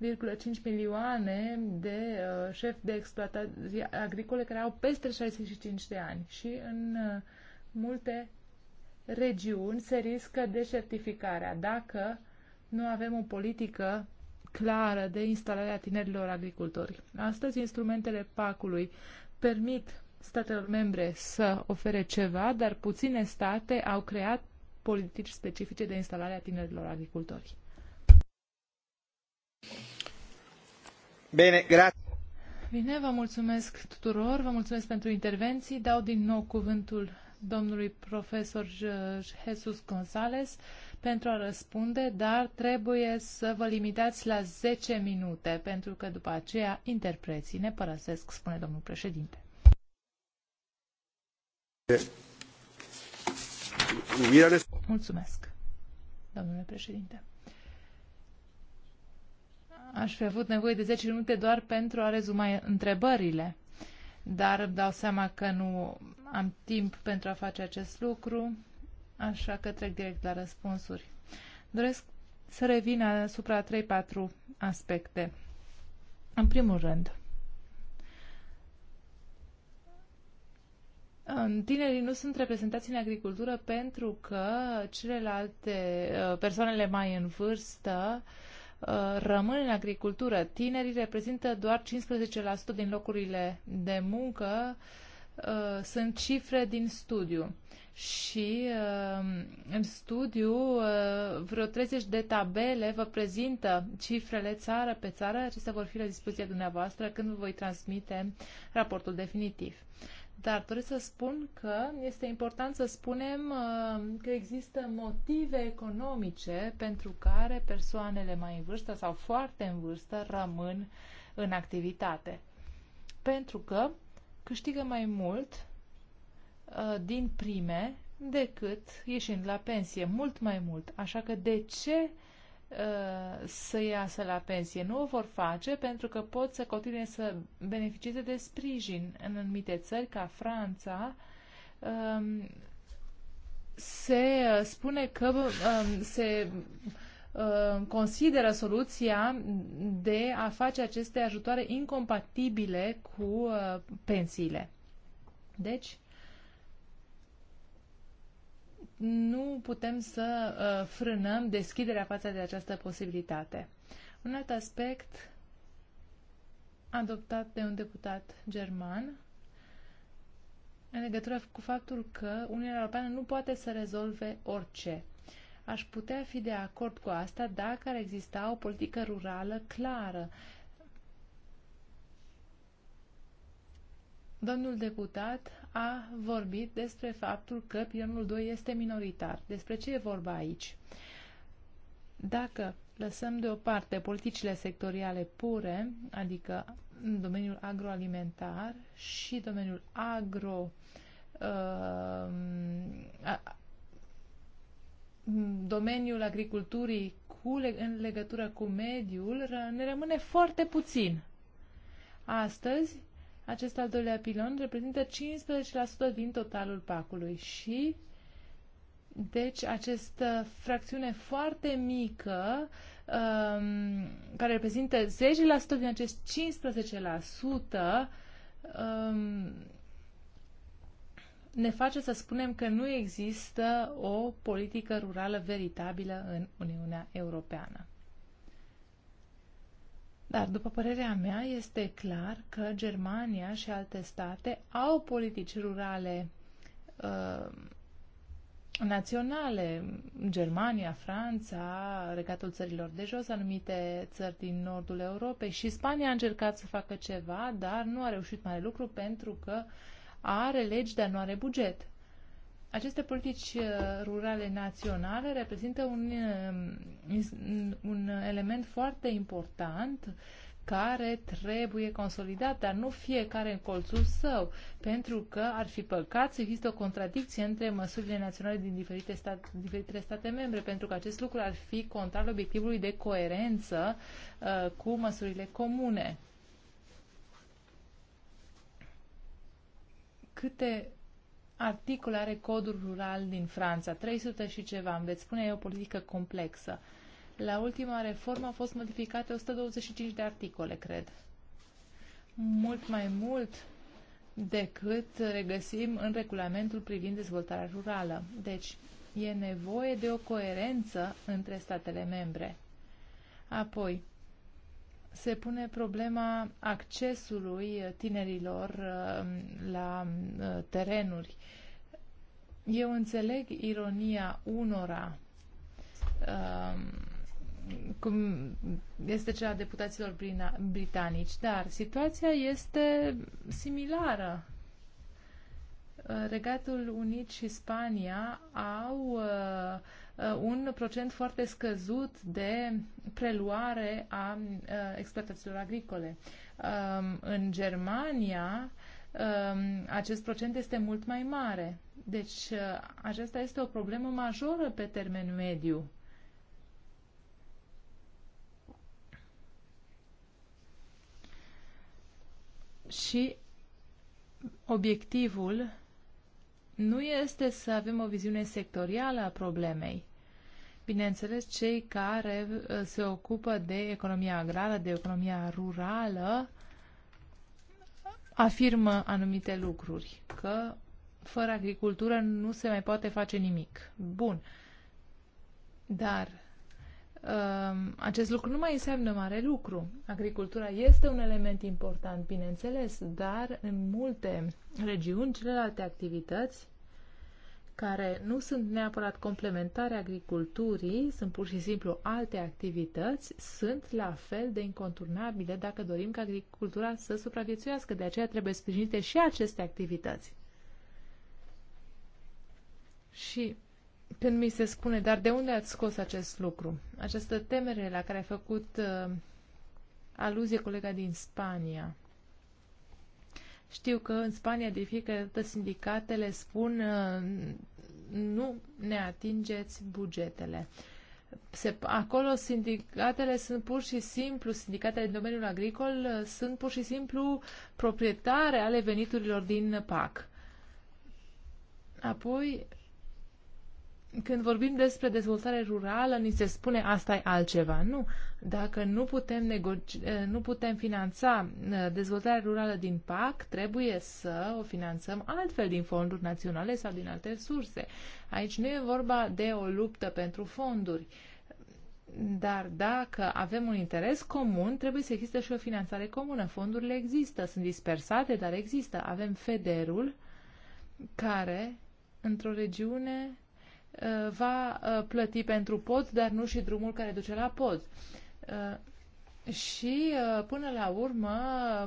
4,5 milioane de uh, șefi de exploatații agricole care au peste 65 de ani și în uh, multe regiuni se riscă deșertificarea dacă nu avem o politică clară de instalarea tinerilor agricultori. Astăzi, instrumentele PAC-ului permit statelor membre să ofere ceva, dar puține state au creat politici specifice de instalare a tinerilor agricultori. Bine, grazie. Bine, vă mulțumesc tuturor, vă mulțumesc pentru intervenții. Dau din nou cuvântul domnului profesor Jesus González pentru a răspunde, dar trebuie să vă limitați la 10 minute, pentru că după aceea interpreții ne părăsesc, spune domnul președinte. Mulțumesc, domnule președinte. Aș fi avut nevoie de 10 minute doar pentru a rezuma întrebările, dar îmi dau seama că nu am timp pentru a face acest lucru așa că trec direct la răspunsuri. Doresc să revin asupra 3-4 aspecte. În primul rând, Tinerii nu sunt reprezentați în agricultură pentru că celelalte uh, persoanele mai în vârstă uh, rămân în agricultură. Tinerii reprezintă doar 15% din locurile de muncă, uh, sunt cifre din studiu și um, în studiu uh, vreo 30 de tabele vă prezintă cifrele țară pe țară. Acestea vor fi la dispoziția dumneavoastră când vă voi transmite raportul definitiv. Dar doresc să spun că este important să spunem uh, că există motive economice pentru care persoanele mai în vârstă sau foarte în vârstă rămân în activitate. Pentru că câștigă mai mult Uh, din prime decât ieșind la pensie, mult mai mult. Așa că de ce uh, să iasă la pensie? Nu o vor face pentru că pot să continue să beneficieze de sprijin în anumite țări ca Franța. Um, se uh, spune că um, se consideră soluția de a face aceste ajutoare incompatibile cu pensiile. Deci, nu putem să uh, frânăm deschiderea față de această posibilitate. Un alt aspect adoptat de un deputat german în legătură cu faptul că Uniunea Europeană nu poate să rezolve orice. Aș putea fi de acord cu asta dacă ar exista o politică rurală clară domnul deputat a vorbit despre faptul că pilonul 2 este minoritar. Despre ce e vorba aici? Dacă lăsăm deoparte politicile sectoriale pure, adică în domeniul agroalimentar și domeniul agro uh, domeniul agriculturii cu, în legătură cu mediul ne rămâne foarte puțin. Astăzi acest al doilea pilon reprezintă 15% din totalul pacului și deci această fracțiune foarte mică um, care reprezintă 10% din acest 15% um, ne face să spunem că nu există o politică rurală veritabilă în Uniunea Europeană. Dar, după părerea mea, este clar că Germania și alte state au politici rurale uh, naționale. Germania, Franța, regatul țărilor de jos, anumite țări din nordul Europei și Spania a încercat să facă ceva, dar nu a reușit mare lucru pentru că are legi, dar nu are buget. Aceste politici uh, rurale naționale reprezintă un, um, un element foarte important care trebuie consolidat, dar nu fiecare în colțul său, pentru că ar fi păcat să există o contradicție între măsurile naționale din diferite stat, diferitele state membre, pentru că acest lucru ar fi contrar obiectivului de coerență uh, cu măsurile comune. Câte articol are codul rural din Franța, 300 și ceva, îmi veți spune, e o politică complexă. La ultima reformă au fost modificate 125 de articole, cred. Mult mai mult decât regăsim în regulamentul privind dezvoltarea rurală. Deci, e nevoie de o coerență între statele membre. Apoi, se pune problema accesului tinerilor um, la uh, terenuri. Eu înțeleg ironia unora um, cum este cea a deputaților britanici, dar situația este similară Uh, Regatul Unit și Spania au uh, uh, un procent foarte scăzut de preluare a exploatațiilor agricole. Um, în Germania um, acest procent este mult mai mare. Deci aceasta este o problemă majoră pe termen mediu. Și obiectivul nu este să avem o viziune sectorială a problemei. Bineînțeles, cei care uh, se ocupă de economia agrară, de economia rurală, afirmă anumite lucruri, că fără agricultură nu se mai poate face nimic. Bun. Dar Um, acest lucru nu mai înseamnă mare lucru. Agricultura este un element important, bineînțeles, dar în multe regiuni celelalte activități care nu sunt neapărat complementare agriculturii, sunt pur și simplu alte activități, sunt la fel de inconturnabile dacă dorim ca agricultura să supraviețuiască. De aceea trebuie sprijinite și aceste activități. Și când mi se spune, dar de unde ați scos acest lucru? Această temere la care a făcut uh, aluzie colega din Spania. Știu că în Spania de fiecare dată sindicatele spun uh, nu ne atingeți bugetele. Se, acolo sindicatele sunt pur și simplu, sindicatele din domeniul agricol uh, sunt pur și simplu proprietare ale veniturilor din PAC. Apoi, când vorbim despre dezvoltare rurală, ni se spune asta e altceva. Nu. Dacă nu putem, negoci- eh, nu putem finanța eh, dezvoltarea rurală din PAC, trebuie să o finanțăm altfel din fonduri naționale sau din alte surse. Aici nu e vorba de o luptă pentru fonduri. Dar dacă avem un interes comun, trebuie să existe și o finanțare comună. Fondurile există, sunt dispersate, dar există. Avem federul care, într-o regiune Uh, va uh, plăti pentru pod, dar nu și drumul care duce la pod. Uh, și până la urmă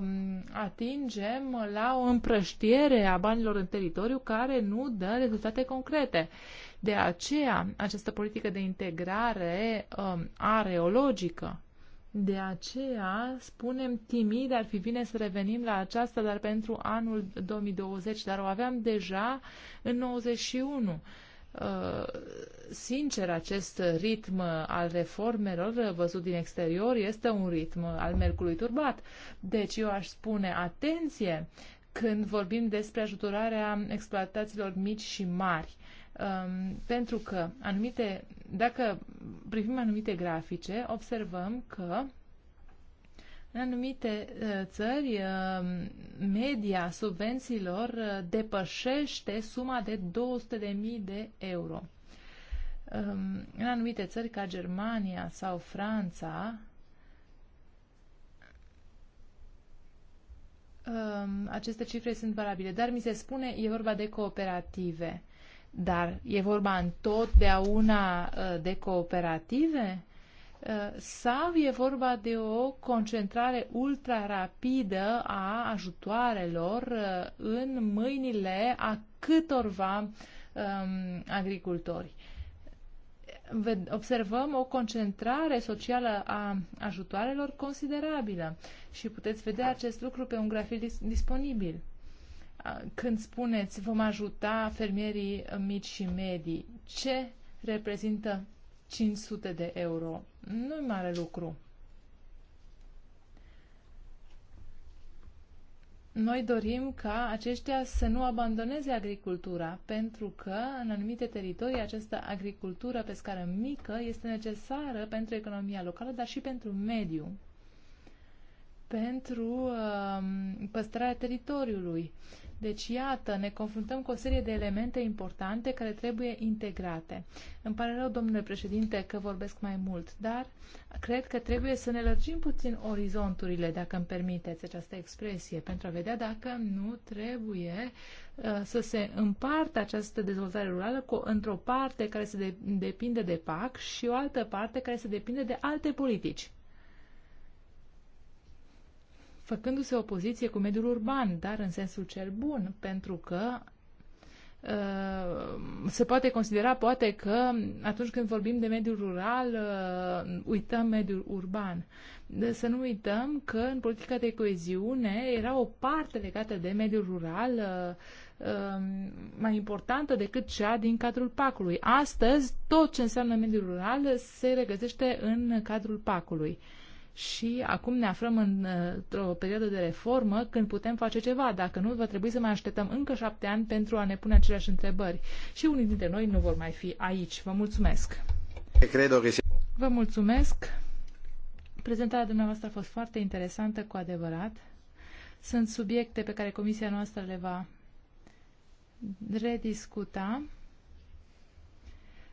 um, atingem la o împrăștiere a banilor în teritoriu care nu dă rezultate concrete. De aceea, această politică de integrare o um, areologică, de aceea spunem timid, ar fi bine să revenim la aceasta, dar pentru anul 2020, dar o aveam deja în 91 Uh, sincer, acest ritm al reformelor uh, văzut din exterior este un ritm al mercului turbat. Deci eu aș spune, atenție, când vorbim despre ajutorarea exploatațiilor mici și mari, um, pentru că anumite, dacă privim anumite grafice, observăm că în anumite uh, țări, uh, media subvențiilor uh, depășește suma de 200.000 de euro. Um, în anumite țări, ca Germania sau Franța, um, aceste cifre sunt valabile, dar mi se spune e vorba de cooperative. Dar e vorba întotdeauna de cooperative? Eh, sau e vorba de o concentrare ultra rapidă a ajutoarelor eh, în mâinile a câtorva um, agricultori. Observăm o concentrare socială a ajutoarelor considerabilă și puteți vedea acest lucru pe un grafic disponibil. Eh, când spuneți vom ajuta fermierii mici și medii, ce reprezintă 500 de euro. Nu-i mare lucru. Noi dorim ca aceștia să nu abandoneze agricultura, pentru că în anumite teritorii această agricultură pe scară mică este necesară pentru economia locală, dar și pentru mediu, pentru uh, păstrarea teritoriului. Deci, iată, ne confruntăm cu o serie de elemente importante care trebuie integrate. Îmi pare rău, domnule președinte, că vorbesc mai mult, dar cred că trebuie să ne lărgim puțin orizonturile, dacă îmi permiteți această expresie, pentru a vedea dacă nu trebuie uh, să se împartă această dezvoltare rurală cu, într-o parte care se de, depinde de PAC și o altă parte care se depinde de alte politici făcându-se o poziție cu mediul urban, dar în sensul cel bun, pentru că uh, se poate considera poate că atunci când vorbim de mediul rural uh, uităm mediul urban. Să nu uităm că în politica de coeziune era o parte legată de mediul rural uh, um, mai importantă decât cea din cadrul pacului. Astăzi tot ce înseamnă mediul rural se regăsește în cadrul pacului. ului și acum ne aflăm într-o perioadă de reformă când putem face ceva. Dacă nu, va trebui să mai așteptăm încă șapte ani pentru a ne pune aceleași întrebări. Și unii dintre noi nu vor mai fi aici. Vă mulțumesc! Vă mulțumesc! Prezentarea dumneavoastră a fost foarte interesantă, cu adevărat. Sunt subiecte pe care comisia noastră le va rediscuta.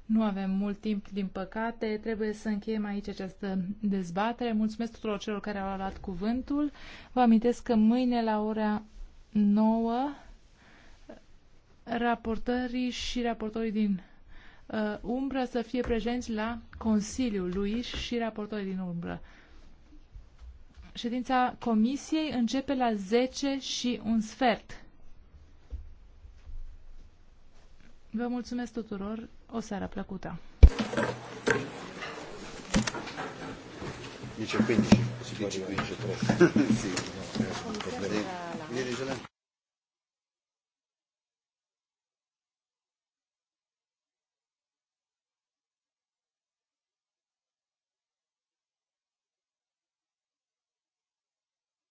Nu avem mult timp, din păcate. Trebuie să încheiem aici această dezbatere. Mulțumesc tuturor celor care au luat cuvântul. Vă amintesc că mâine la ora 9 raportării și raportorii din uh, umbră să fie prezenți la Consiliul lui și raportorii din umbră. Ședința comisiei începe la 10 și un sfert. Vă mulțumesc tuturor. O seară plăcută. 10-15, si 10-15, 3. sì, no,